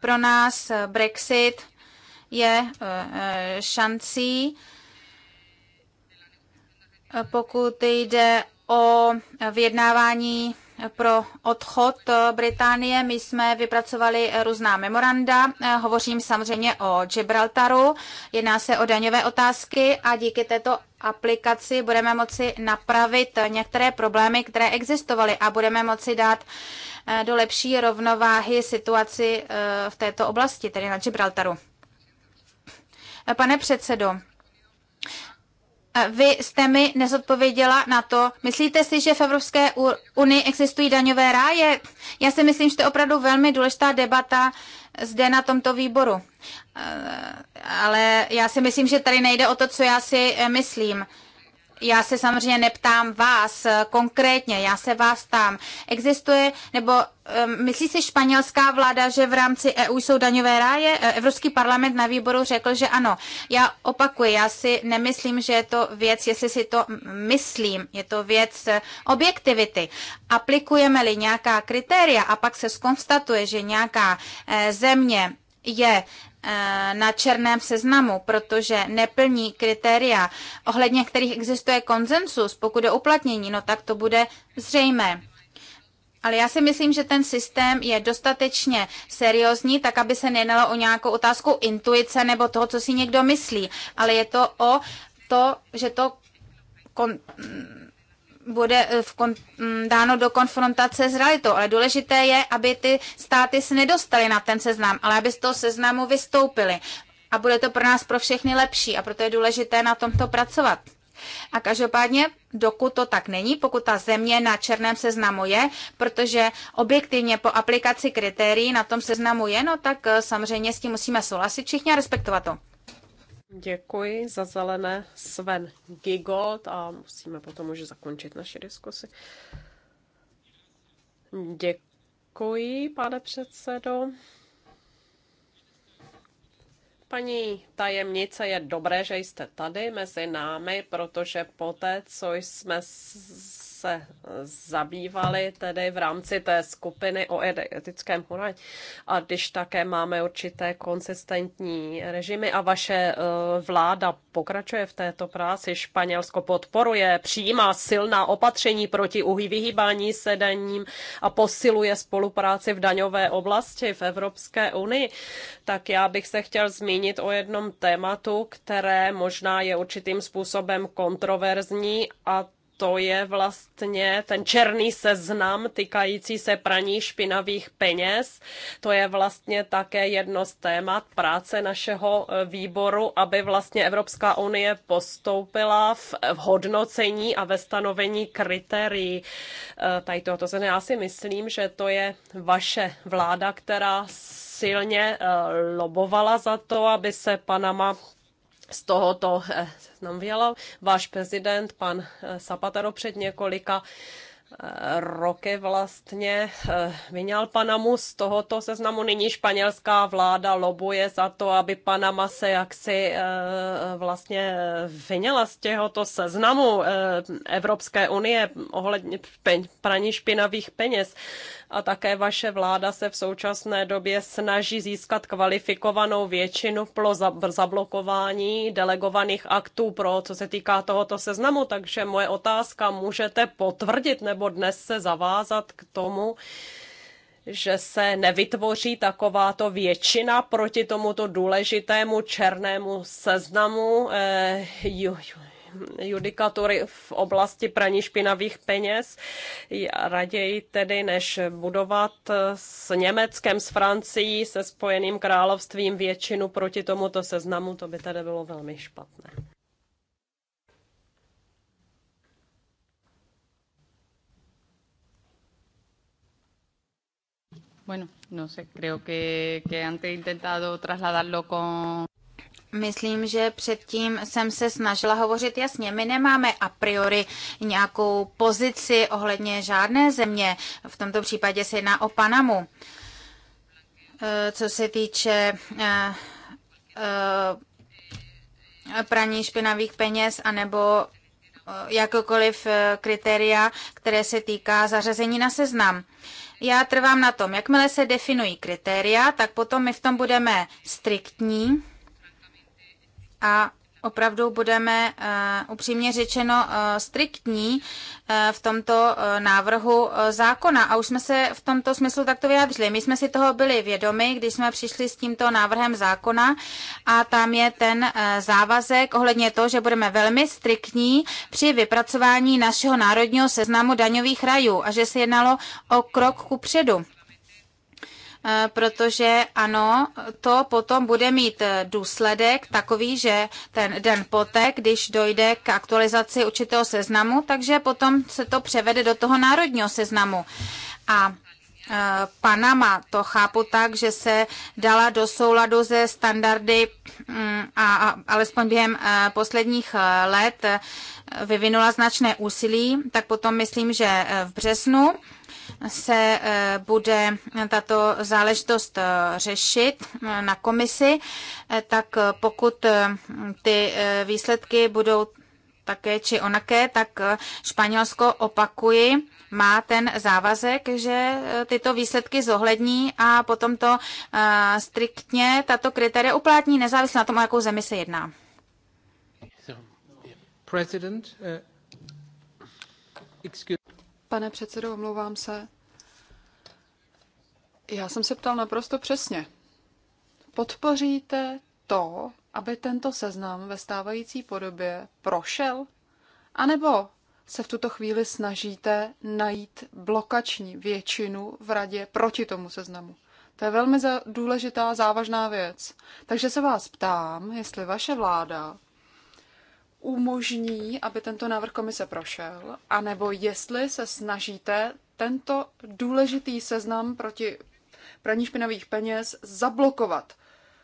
Pro nás Brexit je šancí, pokud jde o vyjednávání pro odchod Británie. My jsme vypracovali různá memoranda. Hovořím samozřejmě o Gibraltaru. Jedná se o daňové otázky a díky této aplikaci budeme moci napravit některé problémy, které existovaly a budeme moci dát eh, do lepší rovnováhy situaci eh, v této oblasti, tedy na Gibraltaru. Pane předsedo, vy jste mi nezodpověděla na to, myslíte si, že v Evropské unii existují daňové ráje? Já si myslím, že to je opravdu velmi důležitá debata zde na tomto výboru. Eh, ale já si myslím, že tady nejde o to, co já si eh, myslím já se samozřejmě neptám vás eh, konkrétně, já se vás tam Existuje, nebo um, myslí si španělská vláda, že v rámci EU jsou daňové ráje? Eh, Evropský parlament na výboru řekl, že ano. Já opakuji, já si nemyslím, že je to věc, jestli si to myslím, je to věc objektivity. Aplikujeme-li nějaká kritéria a pak se skonstatuje, že nějaká země je Eh, na černém seznamu, protože neplní kritéria, ohledně kterých existuje konsensus, pokud je uplatnění, no tak to bude zřejmé. Ale já si myslím, že ten systém je dostatečně seriózní, tak aby se nejednalo o nějakou otázku intuice nebo toho, co si někdo myslí, ale je to o to, že to kon- bude eh, v kon, mm, dáno do konfrontace s realitou, ale důležité je, aby ty státy se nedostaly na ten seznam, ale aby z toho seznamu vystoupily. A bude to pro nás pro všechny lepší a proto je důležité na tomto pracovat. A každopádně, dokud to tak není, pokud ta země na černém seznamu je, protože objektivně po aplikaci kritérií na tom seznamu je, no tak eh, samozřejmě s tím musíme souhlasit všichni a respektovat to. Děkuji za zelené Sven Gigold a musíme potom už zakončit naši diskusi. Děkuji, pane předsedo. Paní tajemnice, je dobré, že jste tady mezi námi, protože poté, co jsme se zabývali tedy v rámci té skupiny o etickém konání. A když také máme určité konsistentní režimy a vaše e, vláda pokračuje v této práci, Španělsko podporuje, přijímá silná opatření proti vyhýbání sedením a posiluje spolupráci v daňové oblasti v Evropské unii, tak já bych se chtěl zmínit o jednom tématu, které možná je určitým způsobem kontroverzní a to je vlastně ten černý seznam týkající se praní špinavých peněz. To je vlastně také jedno z témat práce našeho e, výboru, aby vlastně Evropská unie postoupila v, v hodnocení a ve stanovení kritérií e, tady tohoto země. Já si myslím, že to je vaše vláda, která silně e, lobovala za to, aby se Panama z tohoto eh, nám věla váš prezident, pan eh, Zapatero, před několika eh, roky vlastně vyňal Panamu z tohoto seznamu. Nyní španělská vláda lobuje za to, aby Panama se jaksi vlastně vyněla z tohoto seznamu Evropské unie ohledně praní špinavých peněz a také vaše vláda se v současné době snaží získat kvalifikovanou většinu pro zablokování delegovaných aktů pro, co se týká tohoto seznamu, takže moje otázka, můžete potvrdit nebo dnes se zavázat k tomu, že se nevytvoří takováto většina proti tomuto důležitému černému seznamu eh, ju, ju, judikatury v oblasti praní špinavých peněz. Raději tedy, než budovat s Německem, s Francií, se Spojeným královstvím většinu proti tomuto seznamu, to by tedy bylo velmi špatné. Bueno, no sé, creo que, que antes he intentado trasladarlo con. Myslím, že předtím jsem se snažila hovořit jasně. My nemáme a priori nějakou pozici ohledně žádné země. V tomto případě se jedná o Panamu. Eh, co se týče eh, eh, praní špinavých peněz anebo jakokoliv kritéria, které se týká zařazení na seznam. Já trvám na tom, jakmile se definují kritéria, tak potom my v tom budeme striktní a opravdu budeme eh, upřímně řečeno eh, striktní eh, v tomto návrhu zákona. A už jsme se v tomto smyslu takto vyjádřili. My jsme si toho byli vědomi, když jsme přišli s tímto návrhem zákona a tam je ten závazek ohledně toho, že budeme velmi striktní při vypracování našeho národního seznamu daňových rajů a že se jednalo o krok ku předu. Eh, protože ano, to potom bude mít eh, důsledek takový, že ten den poté, když dojde k aktualizaci určitého seznamu, takže potom se to převede do toho národního seznamu. A eh, Panama, to chápu tak, že se dala do souladu ze standardy mm, a, a alespoň během posledních let vyvinula značné úsilí, tak potom myslím, že v březnu se eh, bude tato záležitost eh, řešit eh, na komisi, tak pokud ty výsledky budou také či onaké, tak Španělsko opakuji, má ten závazek, že tyto výsledky zohlední a potom to striktně tato kritéria uplatní, nezávisle na tom, o jakou zemi se jedná. President, uh, excuse pane předsedo, omlouvám se. Já jsem se ptal naprosto přesně. Podpoříte to, aby tento seznam ve stávající podobě prošel? A nebo se v tuto chvíli snažíte najít blokační většinu v radě proti tomu seznamu? To je velmi důležitá, závažná věc. Takže se vás ptám, jestli vaše vláda umožní, aby tento návrh komise prošel, anebo jestli se snažíte tento důležitý seznam proti praní špinavých peněz zablokovat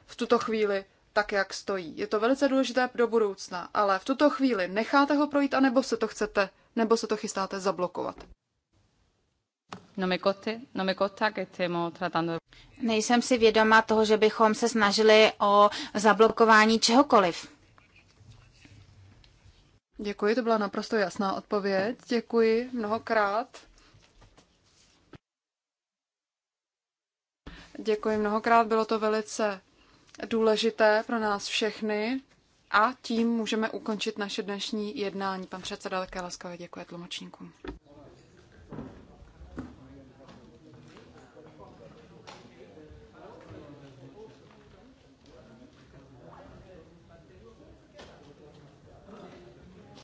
v tuto chvíli tak, jak stojí. Je to velice důležité do budoucna, ale v tuto chvíli necháte ho projít, anebo se to chcete, nebo se to chystáte zablokovat. No no Nejsem si vědoma toho, že bychom se snažili o zablokování čehokoliv. Děkuji, to byla naprosto jasná odpověď. Děkuji mnohokrát. Děkuji mnohokrát, bylo to velice důležité pro nás všechny a tím můžeme ukončit naše dnešní jednání. Pan předseda také laskavě děkuje tlumočníkům.